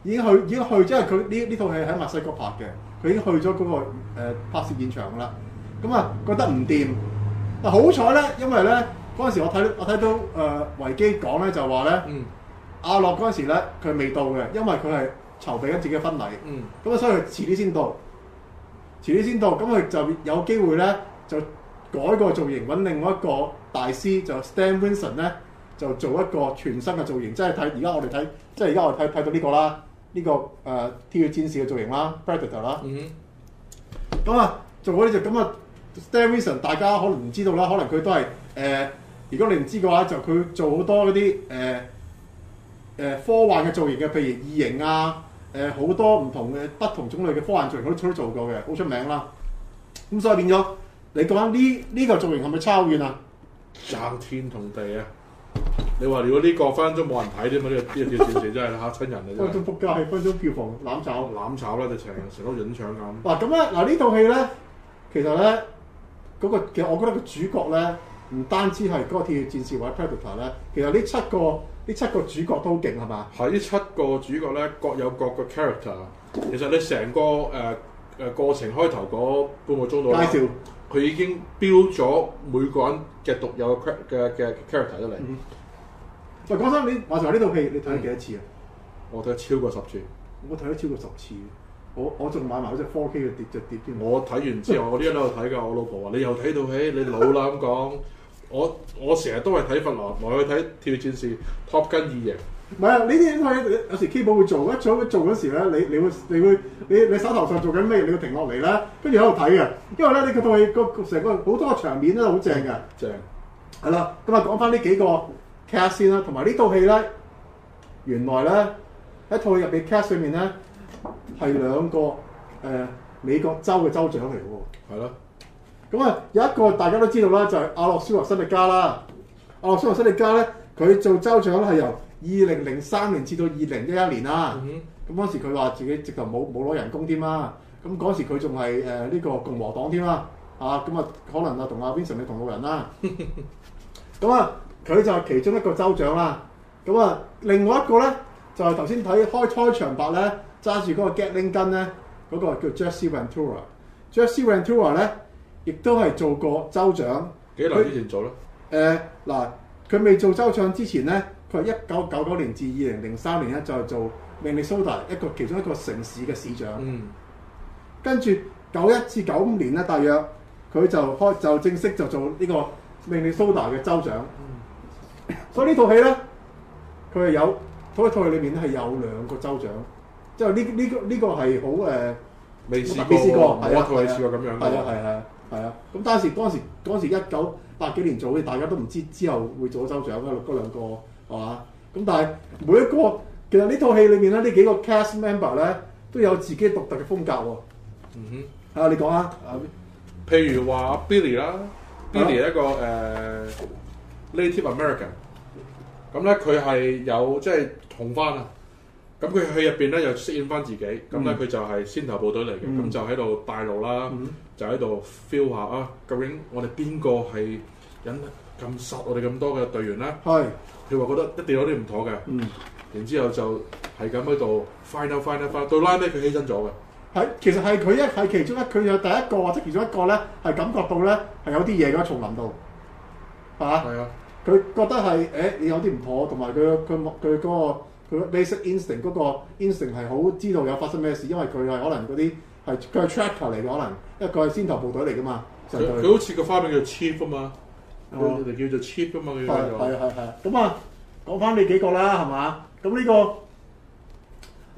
已經去已經去，即係佢呢呢套戲喺墨西哥拍嘅，佢已經去咗嗰個、誒、拍攝現場啦。咁啊，覺得唔掂，嗱好彩咧，因為咧。嗰陣時我睇我睇到誒、呃、維基講咧就話咧、嗯、阿諾嗰陣時咧佢未到嘅，因為佢係籌備緊自己嘅婚禮。咁、嗯、啊，所以佢遲啲先到，遲啲先到，咁佢就有機會咧就改個造型，揾另外一個大師就 Stan Winston 咧就做一個全新嘅造型。即係睇而家我哋睇，即係而家我哋睇睇到呢個啦，呢、呢個誒《鐵、呃、血戰士》嘅造型啦，Predator 啦。咁、嗯、啊，做咗呢隻咁啊，Stan Winston 大家可能唔知道啦，可能佢都係誒。呃如果你唔知嘅話，就佢做好多嗰啲誒誒科幻嘅造型嘅，譬如異形啊，誒、呃、好多唔同嘅不同種類嘅科幻造型，佢都做過嘅，好出名啦。咁、嗯、所以變咗你講下呢呢個造型係咪抄遠啊？爭天同地 真是 啊！ 你話如果呢個分分鐘冇人睇添啊，呢電呢叫戰士真係嚇親人啊！分分家撲街，分鐘票房攬炒攬炒啦，就成日成碌人搶咁。嗱咁咧，嗱呢套戲咧，其實咧嗰、那個其實我覺得個主角咧。唔單止係嗰個鐵血戰士或者 character 咧，其實呢七個呢七個主角都好勁係嘛？呢七個主角咧各有各嘅 character。其實你成個誒誒、呃、過程開頭嗰半個鐘度，介紹佢已經標咗每個人嘅獨有嘅 character 出嚟。喂、嗯，講真，你話實呢套戲你睇咗幾多次啊、嗯？我睇咗超過十次。我睇咗超過十次。我我仲買埋嗰隻 4K 嘅碟就碟添。我睇完之後， 我啲人度睇㗎。我老婆話：你又睇到起，你老啦咁講。 我我成日都係睇《佛羅來》，我去睇《跳戰士》、《Top Gun 二爺》。唔係啊，呢啲都係有時 keyboard 會做。一組做嗰時咧，你你會你會你你手頭上做緊咩？你會停落嚟咧，跟住喺度睇嘅。因為咧，呢套戲成個好多場面都好正嘅。正係啦。咁啊，講翻呢幾個 cast 先啦。同埋呢套戲咧，原來咧喺套戲入邊 cast 上面咧係兩個、呃、美國州嘅州長嚟喎。係咯。咁啊，有一個大家都知道啦，就係阿諾舒華辛力加啦。阿諾舒華辛力加咧，佢做州長咧係由二零零三年至到二零一一年啦。咁嗰時佢話自己直頭冇冇攞人工添啦。咁嗰時佢仲係誒呢個共和黨添啦。啊，咁啊可能啊同阿 Vincent 你同路人啦。咁啊，佢就係其中一個州長啦。咁啊，另外一個咧就係頭先睇開開場白咧揸住嗰個 Gatling gun 咧，嗰、那個叫 Jesse Ventura。Jesse Ventura 咧。亦都係做過州長，幾耐之前做咧？誒嗱，佢、呃、未做州長之前咧，佢係一九九九年至二零零三年咧就係、做明尼蘇達一個其中一個城市嘅市長。嗯。跟住九一至九五年咧，大約佢就開就正式就做呢個明尼蘇達嘅州長。嗯、所以這呢套戲咧，佢係有，呢套戲裏面咧係有兩個州長，即係呢呢個呢個係好誒，未、呃、試過，係一套戲試過咁樣嘅，啊，係啊。係啊，咁當時當時當時一九八幾年做嘅，大家都唔知之後會做咗州長啊，嗰兩個係嘛？咁但係每一個其實呢套戲裏面咧，呢幾個 cast member 咧都有自己獨特嘅風格喎。嗯哼，啊你講啊，說下說 Billy, 係啊譬如話 Billy 啦，Billy 一個誒 uh, Native American，咁咧佢係有即係、就是、同番啊，咁佢去入邊咧又飾演翻自己，咁咧佢就係先頭部隊嚟嘅，咁、嗯、就喺度帶路啦。嗯就喺度 feel 下啊，究竟我哋邊個係引咁殺我哋咁多嘅隊員咧？係，佢話覺得一定有啲唔妥嘅。嗯，然之後就係咁喺度 final，final，final 到拉尾，佢犧牲咗嘅。係，其實係佢一係其中一，佢有第一個或者其中一個咧，係感覺到咧係有啲嘢嘅喎，叢林度，係嘛？啊。佢、啊、覺得係你有啲唔妥，同埋佢佢佢嗰個佢 basic、嗰個、instinct 嗰、嗰個 instinct 係好知道有發生咩事，因為佢係可能嗰啲。係佢係 tracker 嚟嘅可能，因為佢係先頭部隊嚟㗎嘛。佢好似個花名叫 cheap 啊嘛，佢、哦、哋叫做 cheap 㗎嘛。係啊係啊係啊。咁啊，講返你幾個啦，係嘛？咁呢、呢個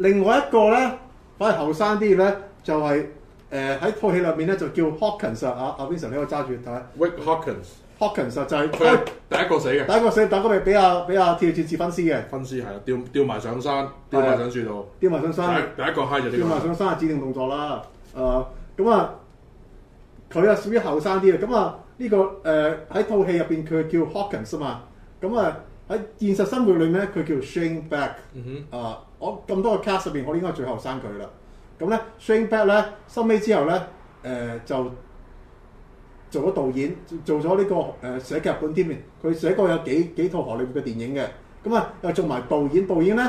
另外一個咧，反而後生啲嘅咧，就係誒喺套戲入面咧就叫 Hawkins 啊，阿 Vincent 你可以揸住睇。Rick Hawkins。Hawkins 實際佢第一個死嘅，第一個死，第一個咪俾阿俾跳跳士分屍嘅，分屍係啊，吊吊埋上山，吊埋上樹度，吊埋上山，上山就是、第一個嗨就吊埋上山，就是、上山，上山指定動作啦。呃、啊，咁啊，佢啊屬於後生啲啊。咁啊，呢個誒喺套戲入邊佢叫 Hawkins 啊嘛。咁啊喺現實生活裏面咧佢叫 Shane Black、嗯、啊，我咁多個 cast 入邊我應該最後生佢啦。咁咧 Shane Black 咧收尾之後咧誒、呃、就。做咗導演，做咗呢、這個誒、呃、寫劇本添，佢寫過有幾幾套荷里活嘅電影嘅，咁、嗯、啊又做埋導演，導演咧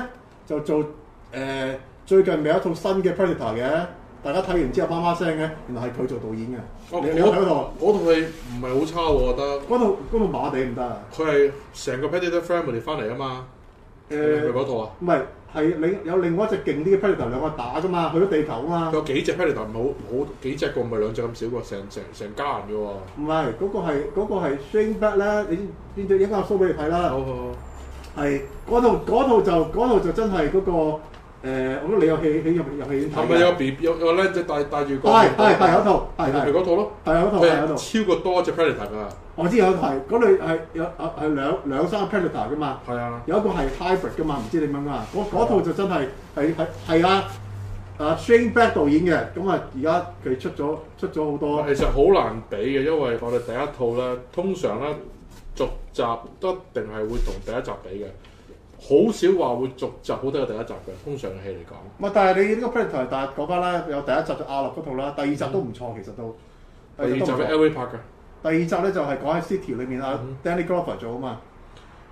就做誒、呃、最近咪有一套新嘅 Predator 嘅，大家睇完之後媽媽聲嘅，原來係佢做導演嘅、啊。你我睇過，我同佢唔係好差，我覺得。嗰套嗰套麻麻地唔得。佢係成個 Predator family 翻嚟啊嘛。誒嗰套啊？唔係，有另外一隻勁啲嘅 Predator 兩個打㗎嘛？去咗地球啊嘛！有幾隻 Predator？唔好好幾隻個，唔係兩隻咁少個成成成家人嘅喎。唔係，嗰、那個係嗰、那個係 Shane Black 啦。你邊度影 show 俾你睇啦？好好，好，係嗰度嗰就嗰套就真係嗰、那個。誒、欸，我覺得你有戲你入入戲院睇，係咪有 B 有個 BB，有僆仔帶帶住個？係係第二套，係係嗰套咯，第二套第二套，超過多隻 Predator 噶、啊，我知有一個係嗰類係有係兩兩三個 Predator 噶嘛，係啊，有一個係 Hybrid 噶嘛，唔知你點講啊？嗰嗰套就真係係係係啊！啊 Shane Black 導演嘅，咁啊而家佢出咗出咗好多，其實好難比嘅，因為我哋第一套咧，通常咧續集都一定係會同第一集比嘅。好少話會續集，好多有第一集嘅，通常嘅戲嚟講。唔係，但係你個呢個 plan 台大講翻啦，有第一集就阿立嗰套啦，第二集都唔錯、嗯，其實都。第二集係 L A 拍嘅。第二集咧就係講喺 City 裏面啊、嗯、，Danny Glover 做啊嘛。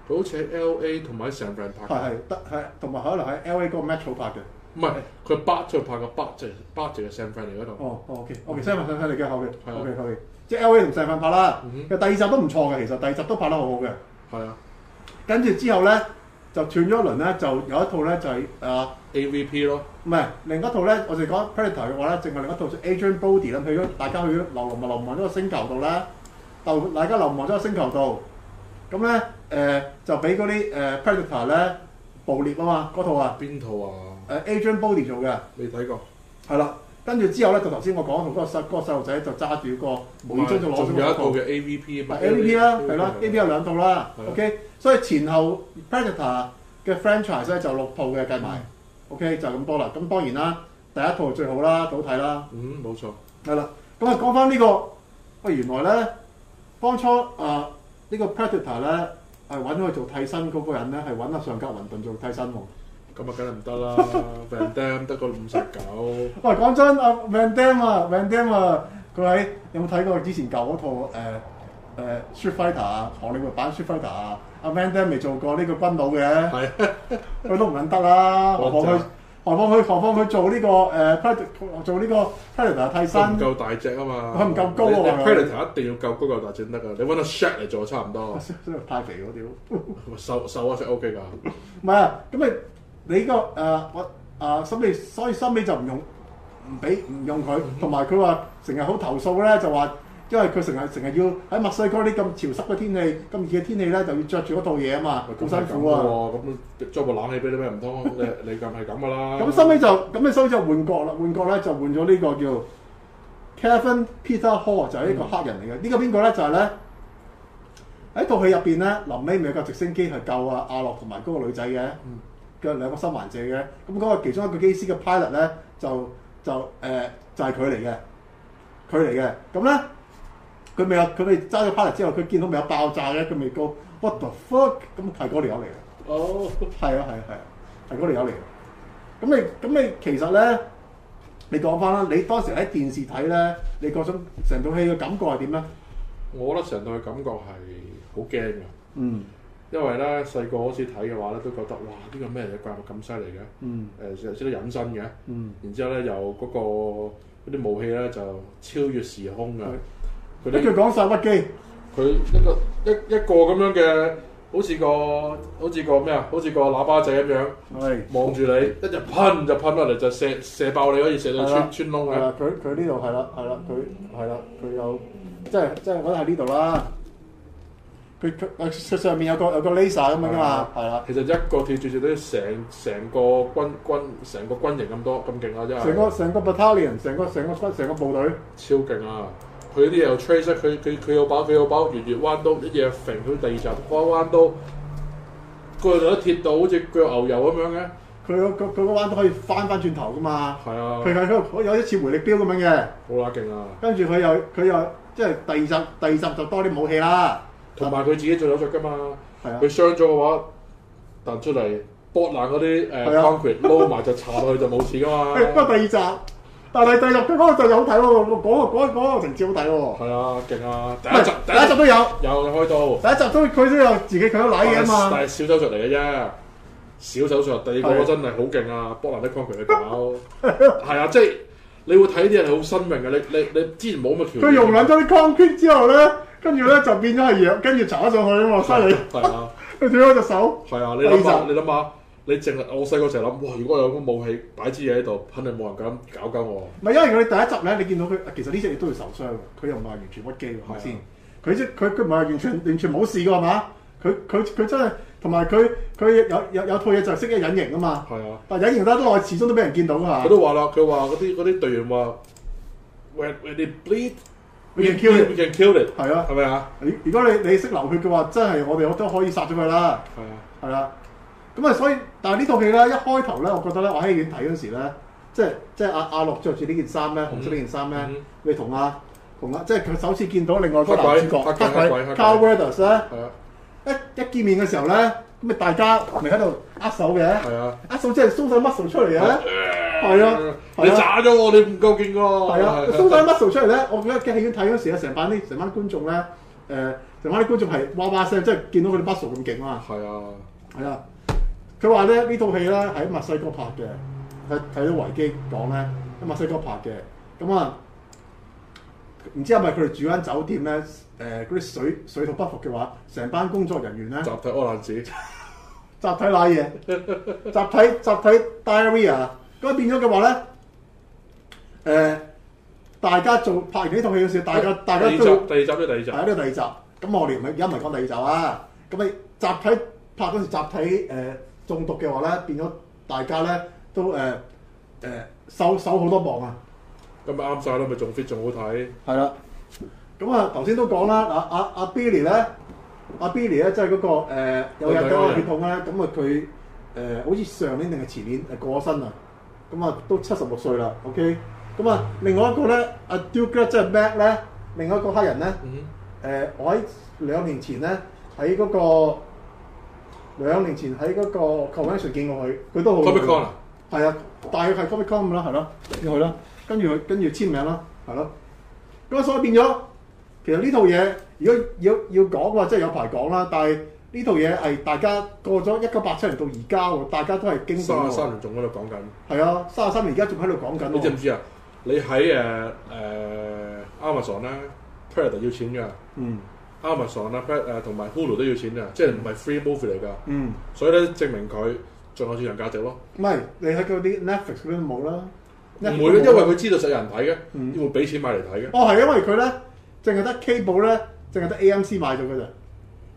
佢好似喺 L A 同埋喺 San Fran 拍。係得係，同埋可能喺 L A 嗰個 Metro 拍嘅。唔係，佢、哎、BART 拍嘅 BART，BART 係 San Fran 嚟嗰度。哦，哦，OK，我先問睇睇你嘅後面。係啊，OK，後、okay，面。即係 L A 同 San Fran 拍啦。第二集都唔錯嘅，其實第二集都拍得好好嘅。係啊，跟住之後咧。就斷咗一輪咧，就有一套咧就係啊 A V P 咯，唔係另一套咧，我哋講 Predator 嘅話咧，淨係另一套做 Agent Body 啦。譬如大家去咗流浪流物流亡咗個星球度咧，就大家流亡咗個星球度，咁咧誒就俾嗰啲誒 Predator 咧捕獵啊嘛，嗰套啊，邊套啊？誒、啊、Agent Body 做嘅未睇過，係啦。跟住之後咧，就頭先我講同嗰個細、嗰個細路仔就揸住個，唔係，仲有一 AVP, AVP、啊、A-V-P, A-V-P, A-V-P, A-V-P 有套嘅 A V P 啊嘛，A V P 啦，係啦，A V P 有兩套啦，OK，所以前後 Predator 嘅 franchise 咧就六套嘅計埋，OK 就咁多啦。咁當然啦，第一套最好啦，倒睇啦。嗯，冇錯。係啦，咁啊講翻呢個，喂，原來咧，當初啊呢、呢個 Predator 咧係揾佢做替身嗰個人咧係揾阿尚格雲頓做替身喎。咁 啊，梗係唔得啦！Van Dam 得、啊、個五十九。喂、啊，講真，阿 Van Dam 啊，Van Dam 啊，各位有冇睇過之前舊嗰套誒誒 Street Fighter 啊，荷里活版 Street Fighter 啊？阿 Van Dam 未做過呢個軍佬嘅，佢 都唔肯得啦 方他。 何況佢何況佢做呢、這個誒 Predator、呃、做呢個 Predator 替身夠大隻啊嘛！佢、啊、唔夠高啊嘛 Predator 一定要夠高夠大隻得啊！你揾個 Shaq 嚟做差唔多，太肥、 okay、 啊！屌，瘦瘦一隻 O K 噶，唔係啊，咁你？你、這個誒我、呃、啊，所以所以心尾就唔用唔俾唔用佢，同埋佢話成日好投訴咧，就話因為佢成日成日要喺墨西哥啲咁潮濕嘅天氣、咁熱嘅天氣咧，就要着住嗰套嘢啊嘛，好、啊、辛苦啊。咁裝部冷氣俾你咩？唔通你你咁係咁噶啦？咁心尾就咁，你收尾、啊、 就，就換角啦。換角咧就換咗呢個叫 Kevin Peter Hall，就係一個黑人嚟嘅。嗯這個、個呢個邊個咧？就係咧喺套戲入邊咧，臨尾咪有架直升機去救阿阿樂同埋嗰個女仔嘅。嗯嘅兩個生還者嘅，咁嗰個其中一個機師嘅 pilot 咧，就就誒、呃、就係佢嚟嘅，佢嚟嘅，咁咧佢未有佢未揸咗 pilot 之後，佢見到未有爆炸嘅，佢未告 What the fuck，咁係嗰條友嚟嘅。哦，係啊，係啊，係啊，係嗰條友嚟嘅。咁你咁你其實咧，你講翻啦，你當時喺電視睇咧，你嗰種成套戲嘅感覺係點咧？我覺得成套嘅感覺係好驚㗎。嗯。因為咧細個好似睇嘅話咧，都覺得哇！呢個咩嘢怪物咁犀利嘅？誒、嗯嗯欸，成日識得隱身嘅。然之後咧，又嗰、嗰個嗰啲武器咧就超越時空嘅。一佢講晒乜機？佢一個一一個咁樣嘅，好似個好似個咩啊？好似個喇叭仔咁樣，望住你，一陣噴就噴落嚟，就射射爆你可以射到穿穿窿嘅。佢佢呢度係啦係啦，佢係啦，佢有即係即係揾喺呢度啦。即係即係佢上面有個有個 laser 咁樣噶嘛，係啦。其實一個鐵柱柱都成成個軍個個軍成個軍營咁多咁勁啊，真係。成個成個 battalion，成個成個成個部隊超勁啊！佢啲嘢又 trace，佢佢佢有把佢有把，月月彎刀一嘢揈，佢第二集都翻彎刀，個度都鐵到好似腳牛油咁樣嘅。佢個佢佢彎刀可以翻翻轉頭噶嘛？係啊。佢係佢有有一次回力標咁樣嘅。好啦，勁啊！跟住佢又佢又即係第二集，第二集就多啲武器啦。同埋佢自己做手術噶嘛，佢、啊、傷咗嘅話彈出嚟剝爛嗰啲誒 concrete 撈埋就插落去就冇事噶嘛。不 過、哎、第二集，但係第二集嗰個就又、那個那個、好睇喎、哦，嗰個嗰個嗰個情節好睇喎。係啊，勁啊！唔係第一集都有，都有你開刀。第一集都佢都有自己強扭嘢啊嘛。但係小手術嚟嘅啫，小手術，第二個真係好勁啊！剝爛啲 concrete 嘅係啊，即係、啊啊 啊就是、你會睇啲人好生猛嘅。你你你之前冇乜佢融爛咗啲 concrete 之後咧。跟住咧就變咗係弱，跟住咗上去啊嘛！犀利，係啊，你斷咗隻手。係啊，你諗下，你諗下，你淨係我細個成日諗，哇！如果有個武器擺支嘢喺度，肯定冇人敢搞搞我。唔係，因為佢第一集咧，你見到佢，其實呢隻嘢都要受傷，佢又唔係完全屈機，係咪先？佢即佢佢唔係完全完全冇事嘅係嘛？佢佢佢真係同埋佢佢有有有套嘢就係識一隱形啊嘛。係啊，但隱形得耐，始終都俾人見到㗎。佢都話啦，佢話嗰啲啲隊員話，When when it bleed，we can kill it，係啊，係咪啊？如如果你你識流血嘅話，真係我哋我都可以殺咗佢啦。係啊，係啦、啊。咁啊，所以但係呢套戲咧，一開頭咧，我覺得咧，我喺戲院睇嗰時咧，即係即係、啊、阿阿樂着住呢件衫咧，紅色呢件衫咧，咪同阿同即係佢首次見到另外一個男主角，黑鬼 Carl Weathers 咧，一一見面嘅時候咧，咁咪、啊、大家咪喺度握手嘅、啊，握手即係 muscle 出嚟嘅。呃係啊！你炸咗我，啊、你唔夠勁㗎！係啊，show、曬、muscle 出嚟咧、啊，我記得喺戲院睇嗰時、呃、哇哇啊，成班啲成班觀眾咧，誒，成班啲觀眾係哇哇聲，即係見到佢啲 muscle 咁勁啊！係啊，係啊，佢話咧呢套戲咧喺墨西哥拍嘅，睇喺啲維基講咧喺墨西哥拍嘅，咁啊，唔知係咪佢哋住緊酒店咧？誒、呃，啲水水土不服嘅話，成班工作人員咧，集體屙爛屎，集體攋嘢 集體集體 diarrhea。咁變咗嘅話咧，誒、呃，大家做拍完呢套戲嘅時候，大家大家做第二集，第二集，第二集都第二集，係呢第二集。咁我哋唔係而家唔係講第二集啊。咁咪集體拍嗰時候集體誒、呃、中毒嘅話咧，變咗大家咧都誒誒受受好多忙啊。咁咪啱晒咯，咪仲 fit 仲好睇。係啦。咁啊，頭先都講啦，阿阿阿 Billy 咧，阿 Billy 咧，即係嗰、嗰個有又入咗血統咧，咁啊佢誒好似上年定係前年係過身啊。咁啊，都七十六歲啦，OK。咁啊，另外一個咧，阿 Duke 即係 Mac 咧，另外一個黑人咧、mm-hmm. 呃，我喺兩年前咧，喺嗰、嗰個兩年前喺嗰個 Convention 見過佢，佢都好。Comic Con 但啊，係啊，大概係 Comic Con 啦，係咯，啦、啊，跟住佢跟住簽名啦，係咯。咁所以變咗，其實呢套嘢，如果要要講嘅話，即係有排講啦，但係。呢套嘢係大家過咗一九八七年到而家喎，大家都係經三十三年仲喺度講緊。係啊，三十三年而家仲喺度講緊。你知唔知啊？你喺誒誒 Amazon 啦，Patre 要錢㗎。嗯。Amazon 啦 Patre 同埋 Hulu 都要錢㗎，即係唔係 free movie 嚟㗎？嗯。所以咧，證明佢仲有市場價值咯。唔係，你喺嗰啲 Netflix 嗰啲冇啦。唔會，因為佢知道實有人睇嘅，要、會、俾錢買嚟睇嘅。哦，係因為佢咧，淨係得 Cable 咧，淨係得 AMC 買咗㗎咋。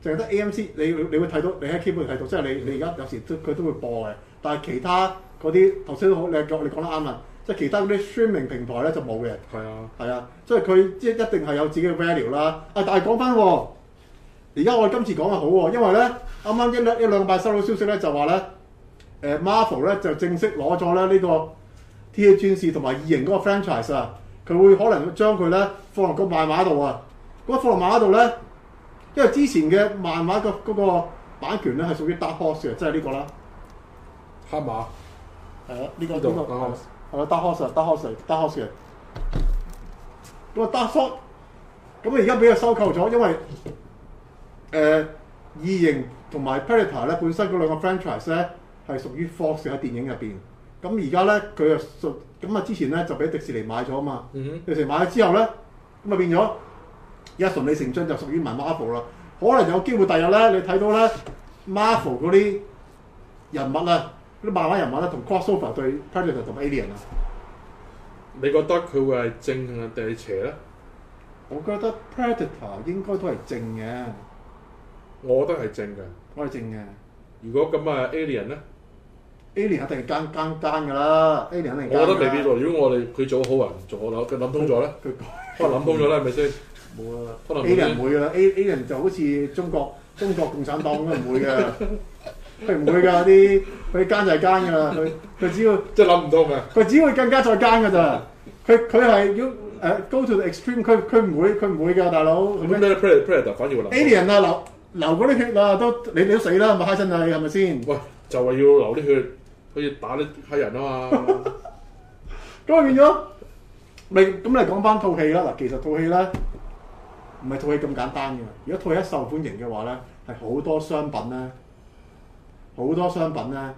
成得 AMC，你你會睇到你喺基本睇到，即係你你而家有時都佢都會播嘅。但係其他嗰啲頭先都好，你講你講得啱啊！即係其他嗰啲 streaming 平台咧就冇嘅。係啊，係啊，所以佢即係一定係有自己嘅 value 啦。啊，但係講翻，而家我今次講又好喎，因為咧啱啱一,一,一,一兩一兩日收到消息咧，就話咧誒 Marvel 咧就正式攞咗咧呢個《鐵血戰士》同埋異形嗰個 franchise 啊，佢會可能會將佢咧放落、嗰個賣碼度啊，嗰個貨物碼度咧。因為之前嘅漫畫嘅嗰個版權咧係屬於 Dark Horse，即係呢個啦。黑馬。係、呃這個這個、啊，呢個呢個。喺度。係 Dark Horse，Dark Horse，Dark Horse。咁啊，Dark Horse，咁啊，而家俾佢收購咗，因為誒異形同埋 Predator 咧本身嗰兩個 franchise 咧係屬於 Fox 喺電影入邊。咁而家咧佢又咁啊，之前咧就俾迪士尼買咗啊嘛。嗯哼。迪士尼買咗之後咧，咁啊變咗。而家順理成章就屬於埋 Marvel 啦，可能有機會第日咧，你睇到咧 Marvel 嗰啲人物啊，啲漫畫人物咧，同 Crossover 對 Predator 同 Alien 啊，你覺得佢會係正定係邪咧？我覺得 Predator 應該都係正嘅，我覺得係正嘅，我係正嘅。如果咁啊，Alien 咧 Alien，Alien 一定係奸奸奸噶啦，Alien 肯定。我覺得未必喎，如果我哋佢做好人，唔做我諗佢諗通咗咧，佢諗 通咗啦，係咪先？冇啦，A 人唔會噶啦，A A 人就好似中國中國共產黨咁、 就是、 啊，唔會嘅，佢唔會噶啲，佢奸就係奸噶啦，佢佢只要即係諗唔到嘅，佢只會更加再奸噶咋，佢佢係要誒 go to the extreme，佢佢唔會佢唔會噶大佬。咁咧 a 反而流 A 人啊流流嗰啲血啊都你你都死啦，咁閪真係係咪先？喂，就係要流啲血，可以打啲閪人啊嘛，咁 啊 變咗咪咁你講翻套戲啦嗱，其實套戲咧。唔係套戲咁簡單嘅。如果套戲一受歡迎嘅話咧，係好多商品咧，好多商品咧，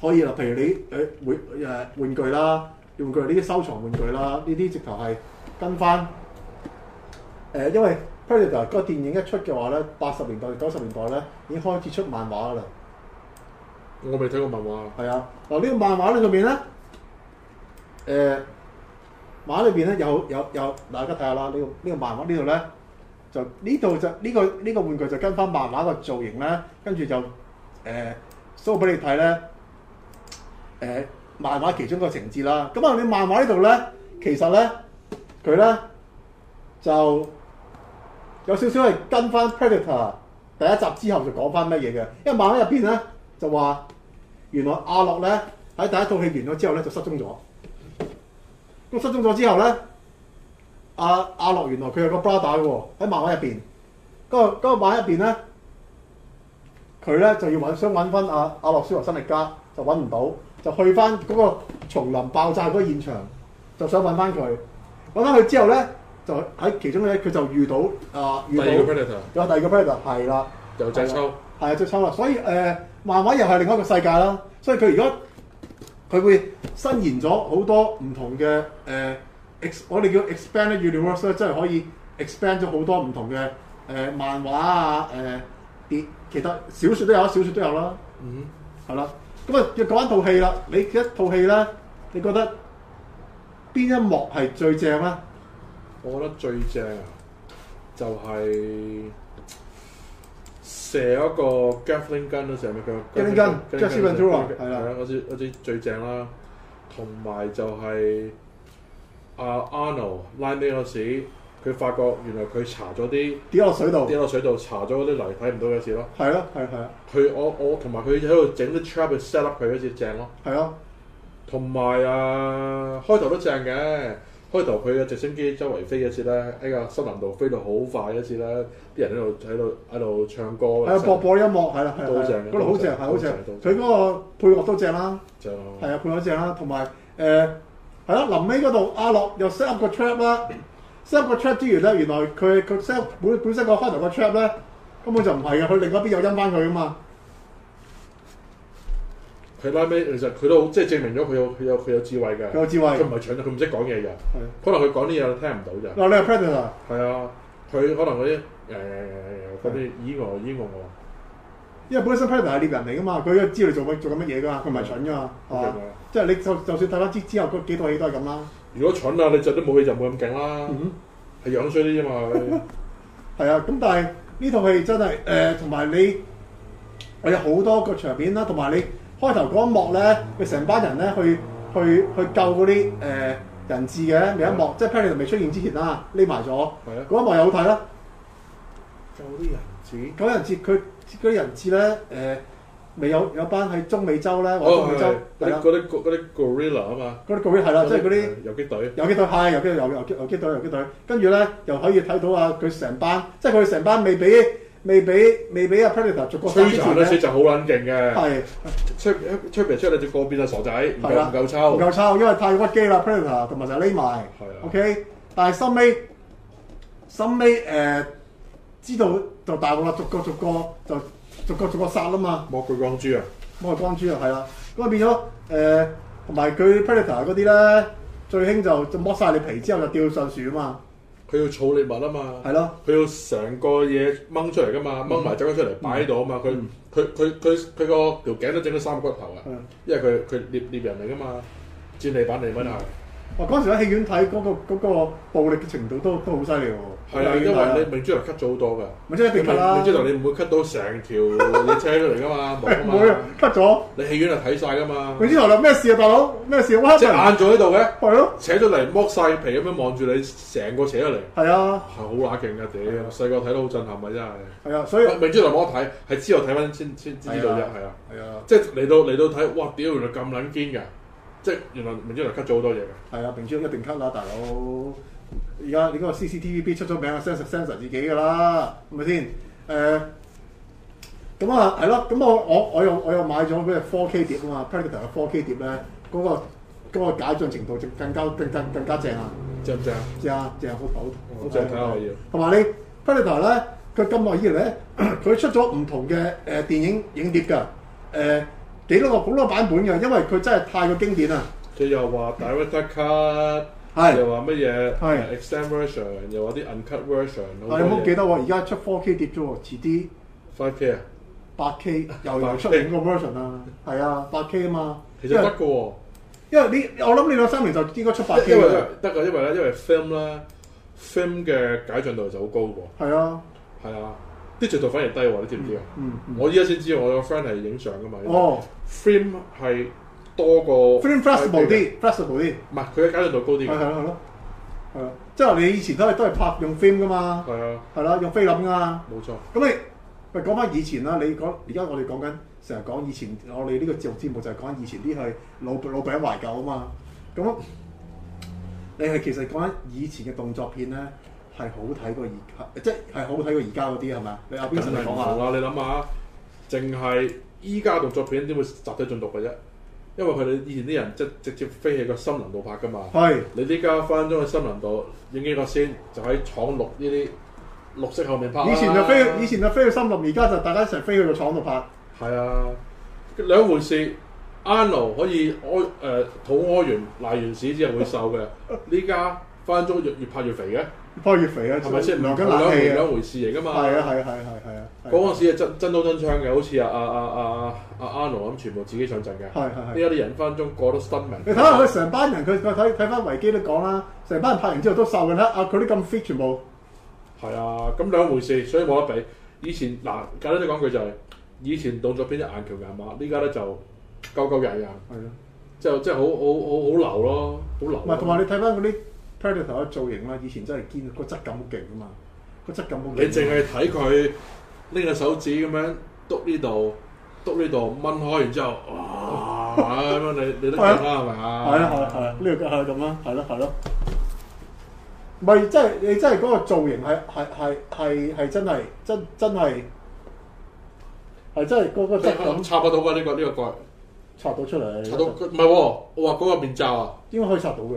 可以啦。譬如你誒玩誒玩具啦，玩具呢啲收藏玩具啦，呢啲直頭係跟翻誒、呃，因為 Predator 個電影一出嘅話咧，八十年代九十年代咧已經開始出漫畫噶啦。我未睇過漫畫。係啊，嗱、哦、呢、這個漫畫裏邊咧，誒、呃、漫畫裏邊咧有有有，大家睇下啦。呢、這個呢、這個漫畫呢度咧。就呢度就呢、呢個呢、呢個玩具就跟翻漫畫個造型啦。跟住就誒 show 俾你睇咧，誒、呃、漫畫其中個情節啦。咁、嗯、啊，你漫畫呢度呢度咧，其實咧佢咧就有少少係跟翻 Predator 第一集之後就講翻乜嘢嘅，因為漫畫入邊咧就話原來阿樂咧喺第一套戲完咗之後咧就失蹤咗，咁失蹤咗之後咧。啊、阿阿諾原來佢有一個 brother 喎、哦，喺漫畫入邊，嗰、那個漫畫入邊咧，佢、那、咧、個、就要揾想揾翻、啊、阿阿諾舒華辛力加，就揾唔到，就去翻嗰個叢林爆炸嗰個現場，就想揾翻佢，揾翻佢之後咧就喺其中咧佢就遇到啊遇到個 predator。第個 predator，有第二個 predator 係啦，有鄭秋係啊，鄭秋啦，所以誒漫畫又係另一個世界啦，所以佢而家佢會伸延咗好多唔同嘅誒。呃 Ex，我哋叫 expand 咧 universe 咧，真係可以 expand 咗好多唔同嘅誒、呃、漫畫啊，誒啲，其他小説都有，小説都有啦。嗯、mm-hmm.，係啦。咁啊，要講一套戲啦。你一套戲咧，你覺得邊一幕係最正咧？我覺得最正就係射一個 Gatling gun 射咪佢 Gatling gun Gatling gun 啊，係啦，嗰啲嗰啲最正啦。同埋就係、是。阿阿 no 拉尾嗰次，佢發覺原來佢查咗啲跌落水度，跌落水度查咗啲泥睇唔到嘅事咯。係咯，係啊，係啊。佢、啊、我我同埋佢喺度整啲 trap set up 佢嗰次正咯。係啊，同埋啊開頭都正嘅，開頭佢嘅直升機周圍飛一次咧，喺個森林度飛到好快一次咧，啲人喺度喺度喺度唱歌。係播播音樂係啦、啊啊，都正嗰度好正係、啊、好正，佢嗰個配樂都正啦、啊，就係啊配樂正啦、啊，同埋誒。呃係咯、啊，臨尾嗰度阿樂又 set up 個 trap 啦，set up 個 trap 之餘咧，原來佢佢 set 本本身個開頭個 trap 咧，根本就唔係嘅，佢另外邊又陰翻佢噶嘛。佢拉尾其實佢都即係證明咗佢有佢有佢有智慧嘅。佢有智慧，佢唔係蠢嘅，佢唔識講嘢嘅。係、啊，可能佢講啲嘢聽唔到咋。嗱，你係 Predator 啊？係啊，佢可能佢誒啲以外以外因為本身 Pilot 係獵人嚟噶嘛，佢都知道你做做緊乜嘢噶，佢唔係蠢噶嘛，即係你就就算睇翻之之後，嗰幾套戲都係咁啦。如果蠢啦，你就得冇嘢就冇咁勁啦，係、嗯、樣衰啲啫嘛。係 啊，咁但係呢套戲真係誒，同、呃、埋你係有好多個場面啦，同埋你開頭嗰一幕咧，佢成班人咧去去去救嗰啲誒人質嘅第一幕，啊、即係 Pilot 未出現之前啦，匿埋咗。係啊，嗰一幕又好睇啦、啊。救啲人質，救人質佢。他嗰啲人質咧，誒、呃、未有有班喺中美洲咧、哦，或者中美洲嗰啲嗰啲 gorilla 啊嘛，嗰啲 gorilla 係啦，即係嗰啲游擊隊？游擊隊？係遊擊遊遊擊、游擊隊！游擊隊！跟住咧又可以睇到啊，佢成班即係佢成班未俾未俾未俾啊 Predator 逐個殺，衰就衰就好撚勁嘅，係！出出邊出嚟就個別啊傻仔，唔夠唔夠抽，唔夠抽，因為太屈機啦 Predator 同埋就匿埋，係啊，OK，但係深尾深尾誒。知道就大鑊啦，逐個逐個就逐個逐個殺啦嘛，剝佢光豬啊，剝佢光豬啊，係啦，咁啊變咗誒，同埋佢 Predator 嗰啲咧最興就剝晒你皮之後就吊上樹啊嘛，佢要儲獵物啊嘛，係咯，佢要成個嘢掹出嚟噶嘛，掹、嗯、埋整咗出嚟擺喺度啊嘛，佢佢佢佢佢個條頸都整咗三骨頭啊，因為佢佢獵獵人嚟噶嘛，戰利版嚟敏鎬。嗯。哇！嗰時喺戲院睇嗰、嗰個嗰個嗰個暴力嘅程度都都好犀利喎。係啊，因為你明珠台 cut 咗好多㗎。明珠台、啊、你唔會 cut 到成條你扯出嚟㗎嘛。唔會 cut 咗。你戲院就睇晒㗎嘛。明珠台有咩事啊，大佬？咩事、啊？即係眼咗呢度嘅。係咯、啊。扯出嚟剝晒皮咁樣望住你，成個扯出嚟。係啊。係好乸勁㗎！屌、啊，細個睇到好震撼啊，真係。係啊，所以明珠台冇得睇，係之後睇翻先先知道啫，係啊。係啊，啊，啊，啊，啊，啊。即係嚟到嚟到睇，哇！屌原來咁撚堅㗎。即原來明珠台 cut 咗好多嘢嘅。係啊，明珠一定 cut 啦，大佬。而家你嗰個 CCTV B 出咗名啊 ，censor censor 自己㗎啦，係咪先？誒、嗯，咁、嗯、啊，係、嗯、咯。咁、嗯嗯、我我我又我又買咗嗰個 4K 碟啊嘛 Predator 嘅 4K 碟咧，嗰、那個嗰、那個解像程度就更加更更更加正啊！正唔正？正，正好保。好，好，好正啊！我要。的的的 Predator 呢呢 同埋你 Predator 咧，佢咁耐以嚟咧，佢出咗唔同嘅誒電影影碟㗎，誒、呃。幾多個好多版本㗎？因為佢真係太過經典啦！佢又話 director cut，又話乜嘢？係 extended version，又話啲 uncut version。但係、啊、你冇記得喎？而家出 4K 碟咗喎，遲啲。五 K 啊！八 K 又，又出五個 version 啊？係啊，八 K 啊嘛。其實得嘅喎，因為你我諗你兩三年就應該出八 K 啦。得㗎，因為咧，因為 film 咧，film 嘅解像度就好高嘅喎。係啊，係啊，啲像素反而低喎，你知唔知啊？我依家先知道，道我個 friend 係影相㗎嘛。哦。film 係多過、film、flexible 啲，flexible 啲，唔係佢嘅解像度高啲嘅。係咯，係咯，係咯，即係、話、你以前都係都係拍用 film 噶嘛。係啊，係啦，用菲林噶，冇錯，咁你咪講翻以前啦，你講而家我哋講緊，成日講以前，我哋呢個節目就係講以前啲係老老餅懷舊啊嘛，咁你係其實講緊以前嘅動作片咧，係好睇過而即係好睇過而家嗰啲係咪？你阿邊神講下，你諗下，淨係。依家動作片點會集體中毒嘅啫？因為佢哋以前啲人即係直接飛去個森林度拍噶嘛。係你依家翻咗去森林度影幾個先，就喺廠綠呢啲綠色後面拍。以前就飛，以前就飛去森林，而家就大家一齊飛去個廠度拍。係、嗯、啊，兩回事。啱勞可以屙誒、啊，肚屙完瀨完屎之後會瘦嘅。呢 家翻咗越越拍越肥嘅。開越肥是是啊，係咪先兩斤冷氣兩回事嚟噶嘛？係啊係係係係啊！嗰陣、啊啊、時真真刀真，真槍嘅，好似啊啊啊啊阿奴咁，啊 Arno、全部自己上陣嘅。係係係。依家啲人分分鐘過到新聞。你睇下佢成班人，佢睇睇翻維基都講啦，成班人拍完之後都瘦嘅啦。啊，佢啲咁 fit 全部係啊，咁兩回事，所以冇得比。以前嗱簡單啲講句就係、是，以前動作片啲硬橋硬馬，依家咧就舊舊樣樣，係咯，即係即係好好好好流咯、啊，好流、啊。唔係，同埋你睇翻嗰啲。Predator 嘅造型啦，以前真係堅，個質感好勁噶嘛，個質感好勁。你淨係睇佢拎個手指咁樣篤呢度，篤呢度掹開，然之後，係咁，你你得啦，係咪啊？係啊係啊係啊，呢個係咁啊，係咯係咯。唔係，真係你真係嗰、那個造型係係係係係真係真真係，係真係嗰個質感插、這個這個。插得到噶呢個呢個蓋？插到出嚟。插到唔係，我話嗰個面罩啊。點解可以插到嘅？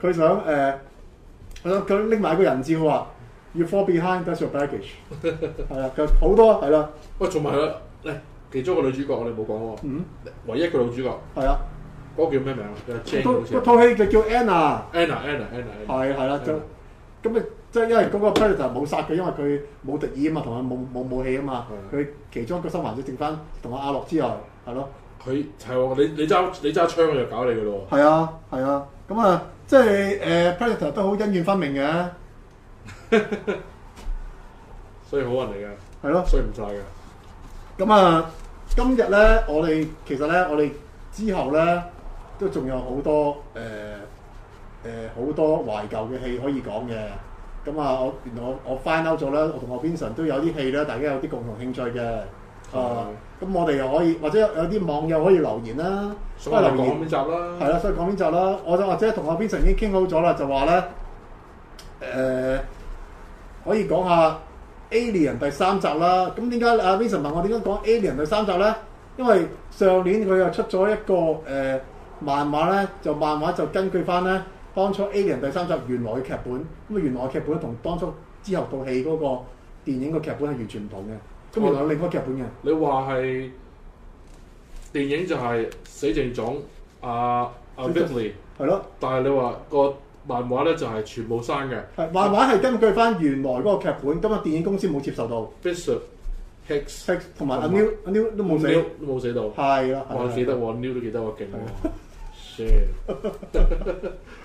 佢想誒，佢拎埋一個人質，佢話要 fall behind，that's your baggage。係啦，佢 好多係啦。喂，仲埋啦，嚟、欸、其中個女主角，我哋冇講喎。嗯。唯一,一個女主角係、那個、啊，嗰個叫咩名啊？嗰套嗰戲就叫 Anna。Anna，Anna，Anna，Anna、啊。係係啦，就咁咪即係因為嗰個 Predator 冇殺佢，因為佢冇敵意啊嘛，同埋冇冇武器啊嘛。佢其中一個心環只剩翻同阿阿樂之外，係咯。佢係喎，你你揸你揸槍，佢就搞你噶咯喎。係啊，係啊。咁啊，即係誒 Predator 都好恩怨分明嘅，所以好人嚟嘅，所以唔晒嘅。咁啊，今日咧，我哋其實咧，我哋之後咧，都仲有好多誒誒好多懷舊嘅戲可以講嘅。咁啊，我原來我我 find out 咗咧，我同 Vincent 都有啲戲咧，大家有啲共同興趣嘅。啊、嗯！咁、嗯嗯、我哋又可以，或者有啲網友可以留言啦、啊啊。所以講邊集啦？係啦，所以講邊集啦？我就或者同阿 Vincent 已經傾好咗啦，就話咧、呃，可以講下 Alien 第三集啦、啊。咁點解阿 Vincent 問我點解講 Alien 第三集咧？因為上年佢又出咗一個誒、呃、漫畫咧，就漫畫就根據翻咧當初 Alien 第三集原來嘅劇本。咁啊，原來嘅劇本同當初之後套戲嗰個電影嘅劇本係完全唔同嘅。我係另外一個劇本嘅。你話係電影就係死剩種阿阿 Ripley 係咯，但係你話個漫畫咧就係全部刪嘅。係漫畫係根據翻原來嗰個劇本，今日電影公司冇接受到。Bishop、Hicks 同埋阿 New 阿 New 都冇死都冇死到。係啊，我記得我 New 都記得我勁喎。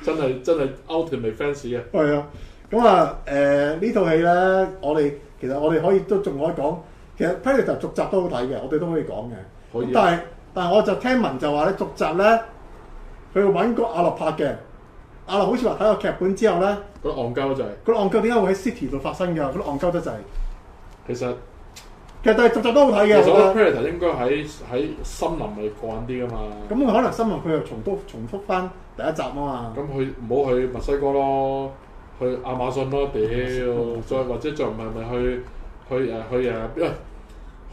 真係真係 ultimate fans 啊！係啊，咁啊誒呢套戲咧，我哋其實我哋可以都仲可以講。其實《Predator》續集都好睇嘅，我哋都可以講嘅。可以、啊。但係但係我就聽聞就話咧續集咧，佢揾個阿諾拍嘅，阿諾好似話睇個劇本之後咧，覺得戇鳩得滯。覺得戇鳩，點解會喺 City 度發生嘅？覺得戇鳩得滯。其實其實但係續集都好睇嘅。其實《Predator》應該喺喺森林嚟講啲㗎嘛。咁可能森林佢又重複重複翻第一集啊嘛。咁佢唔好去墨西哥咯，去亞馬遜咯，屌！再或者再唔係咪去去誒去誒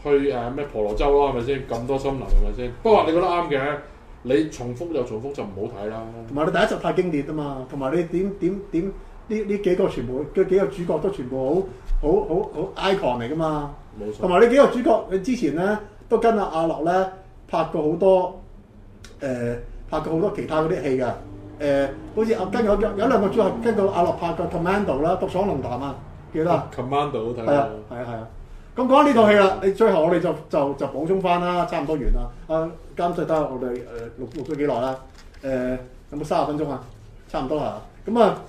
去誒咩婆羅洲咯，係咪先？咁多森林係咪先？不過你覺得啱嘅，你重複就重複就唔好睇啦。同埋你第一集太經典啊嘛，同埋你點點點呢呢幾個全部嘅幾個主角都全部好好好好 icon 嚟㗎嘛。冇錯。同埋你幾個主角，你之前咧都跟阿阿樂咧拍過好多誒，拍過好多，呃、多其他嗰啲戲嘅。誒、呃，好似阿根有有兩個主角跟到阿樂拍個 Commando 啦，獨爽龍潭啊，記得 Commando，看看啊。Commando 好睇啊！係啊，係啊。咁講呢套戲啦，你、嗯、最後我哋就就就補充翻啦，差唔多完啦。啊，監、呃、製，得我哋誒錄錄咗幾耐啦？誒、呃，有冇三十分鐘啊？差唔多啦。咁、嗯、啊，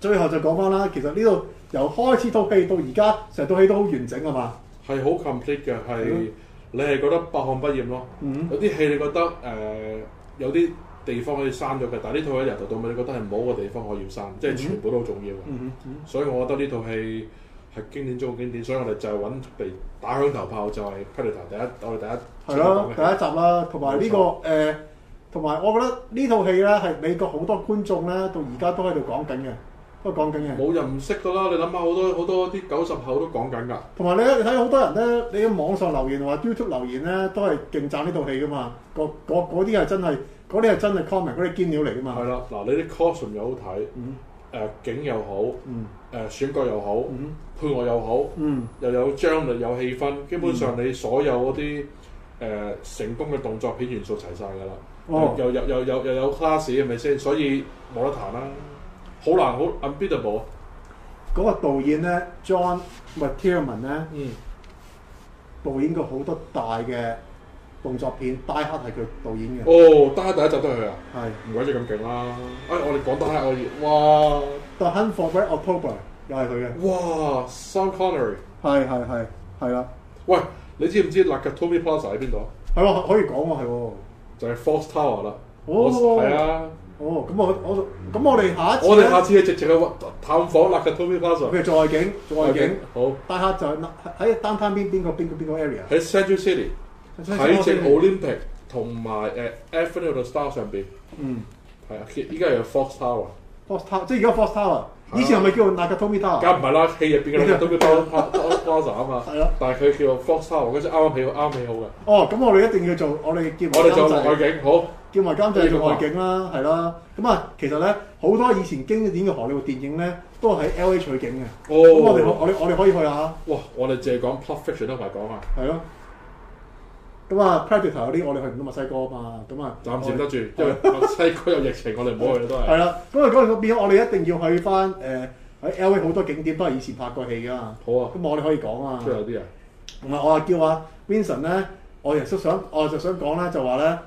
最後就講翻啦。其實呢度由開始套戲到而家，成套戲都好完整啊嘛。係好 complete 嘅。係、嗯、你係覺得百看不厭咯。嗯、有啲戲你覺得誒、呃、有啲地方可以刪咗嘅，但係呢套戲由頭到尾，你覺得係冇個地方我要刪，即、嗯、係、就是、全部都好重要嘅、嗯嗯嗯。所以我覺得呢套戲，係經典中嘅經典，所以我哋就係揾被打響頭炮，就係《Predator》第一，我哋第一。係咯，第一集啦，同埋呢個誒，同埋、呃、我覺得呢套戲咧，係美國好多觀眾咧，到而家都喺度講緊嘅，都講緊嘅。冇人唔識㗎啦，你諗下好多好多啲九十後都講緊㗎。同埋你睇好多人咧，你喺網上留言話 YouTube 留言咧，都係勁讚呢套戲㗎嘛。嗰啲係真係，嗰啲係真係 comment，嗰啲堅料嚟㗎嘛。係啦，嗱，你啲 caution 又好睇，嗯。誒、呃、景又好，誒、嗯呃、選角又好、嗯，配樂又好、嗯，又有張力、嗯、有氣氛、嗯，基本上你所有嗰啲、呃、成功嘅動作片元素齊晒㗎啦，又又又又又有 class 係咪先？所以冇得彈啦、啊，好難好 unbeatable。嗰、嗰個導演咧，John McTiernan 咧、嗯，導演過好多大嘅。動作片《Die Hard》係佢導演嘅。哦，《Die Hard》第一集都係佢啊。係。唔怪得你咁勁啦！哎，我哋講《Die Hard》可以。哇，《The Hunt for Red October》又係佢嘅。哇，《Sean Connery》。係係係。係啦。喂，你知唔知《Lucky Tommy Plaza》喺邊度？係喎，可以講喎，係喎，就係 Force Tower 啦、oh。哦。係啊。哦，咁我我咁我哋下一次我哋下次直接去探訪《Lucky Tommy Plaza》。咩？外景？外景，外景。好，好《Die Hard》就喺喺丹丹邊邊個邊個邊個 area？喺 Central City。喺住 Olympic 同埋誒 Avenue of Stars 上邊，嗯，係啊，依家有 Fox Tower，Fox Tower，即而家 Fox Tower，以前係咪叫 Nakatomi Tower？梗係唔係啦，戲入邊嘅都叫 Nakatomi Plaza 啊嘛，係咯， 但係佢叫 Fox Tower，嗰隻啱啱起好，啱起好嘅。哦，咁我哋一定要做，我哋叫我外景。好，叫埋監製做外景啦，係啦。咁啊，其實咧好多以前經典嘅荷里活電影咧，都喺 L A 取景嘅。哦。哦，我哋我我哋可以去下。哇、哦，我哋淨係講 Pulp Fiction 都唔講下，係咯。咁啊，Predator 嗰啲我哋去唔到墨西哥啊嘛，咁啊暫時唔得住，因為墨西哥有疫情， 我哋唔好去都係。係啦，咁啊嗰度變我哋一定要去翻誒喺 LA 好多景點都係以前拍過戲噶嘛。好啊，咁我哋可以講啊。即係啲啊，同埋我啊叫啊 Vincent 咧，我其實想我就想講咧，就話咧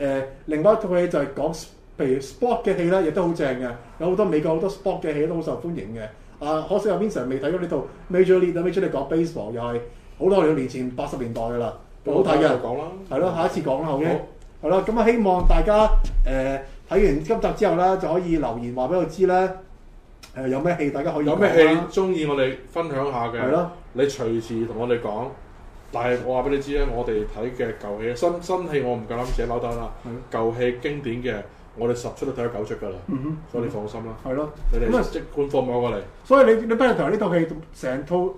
誒，另外一套戲就係講譬如 sport 嘅戲咧，亦都好正嘅，有好多美國好多 sport 嘅戲都好受歡迎嘅。啊，可惜啊 Vincent 未睇過呢套 Major League，Major League Baseball 又係好多年年前八十年代噶啦。好睇嘅，講啦，係咯，下一次講啦，好嘅，好，係咯，咁啊，希望大家誒睇、呃、完今集之後啦，就可以留言話俾我知咧，誒、呃、有咩戲大家可以講，有咩戲中意我哋分享一下嘅，係咯，你隨時同我哋講。但係我話俾你知咧，我哋睇嘅舊戲，新新戲我唔夠膽寫包單啦。舊戲經典嘅，我哋十出都睇咗九出噶啦、嗯，所以你放心啦。係咯，你哋咁啊，即管放馬過嚟。所以你你不如睇呢套戲，成套誒。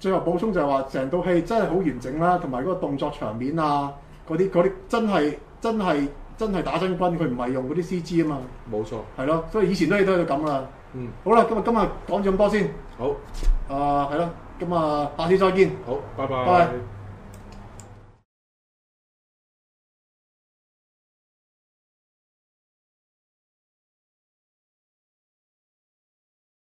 最後補充就係話，成套戲真係好完整啦，同埋嗰個動作場面啊，嗰啲嗰啲真係真係真係打真軍，佢唔係用嗰啲 CG 啊嘛。冇錯，係咯，所以以前都係都係咁啦。嗯，好啦，今日今日講咗咁多先。好，啊係啦，咁啊，下次再見。好，拜拜。拜拜。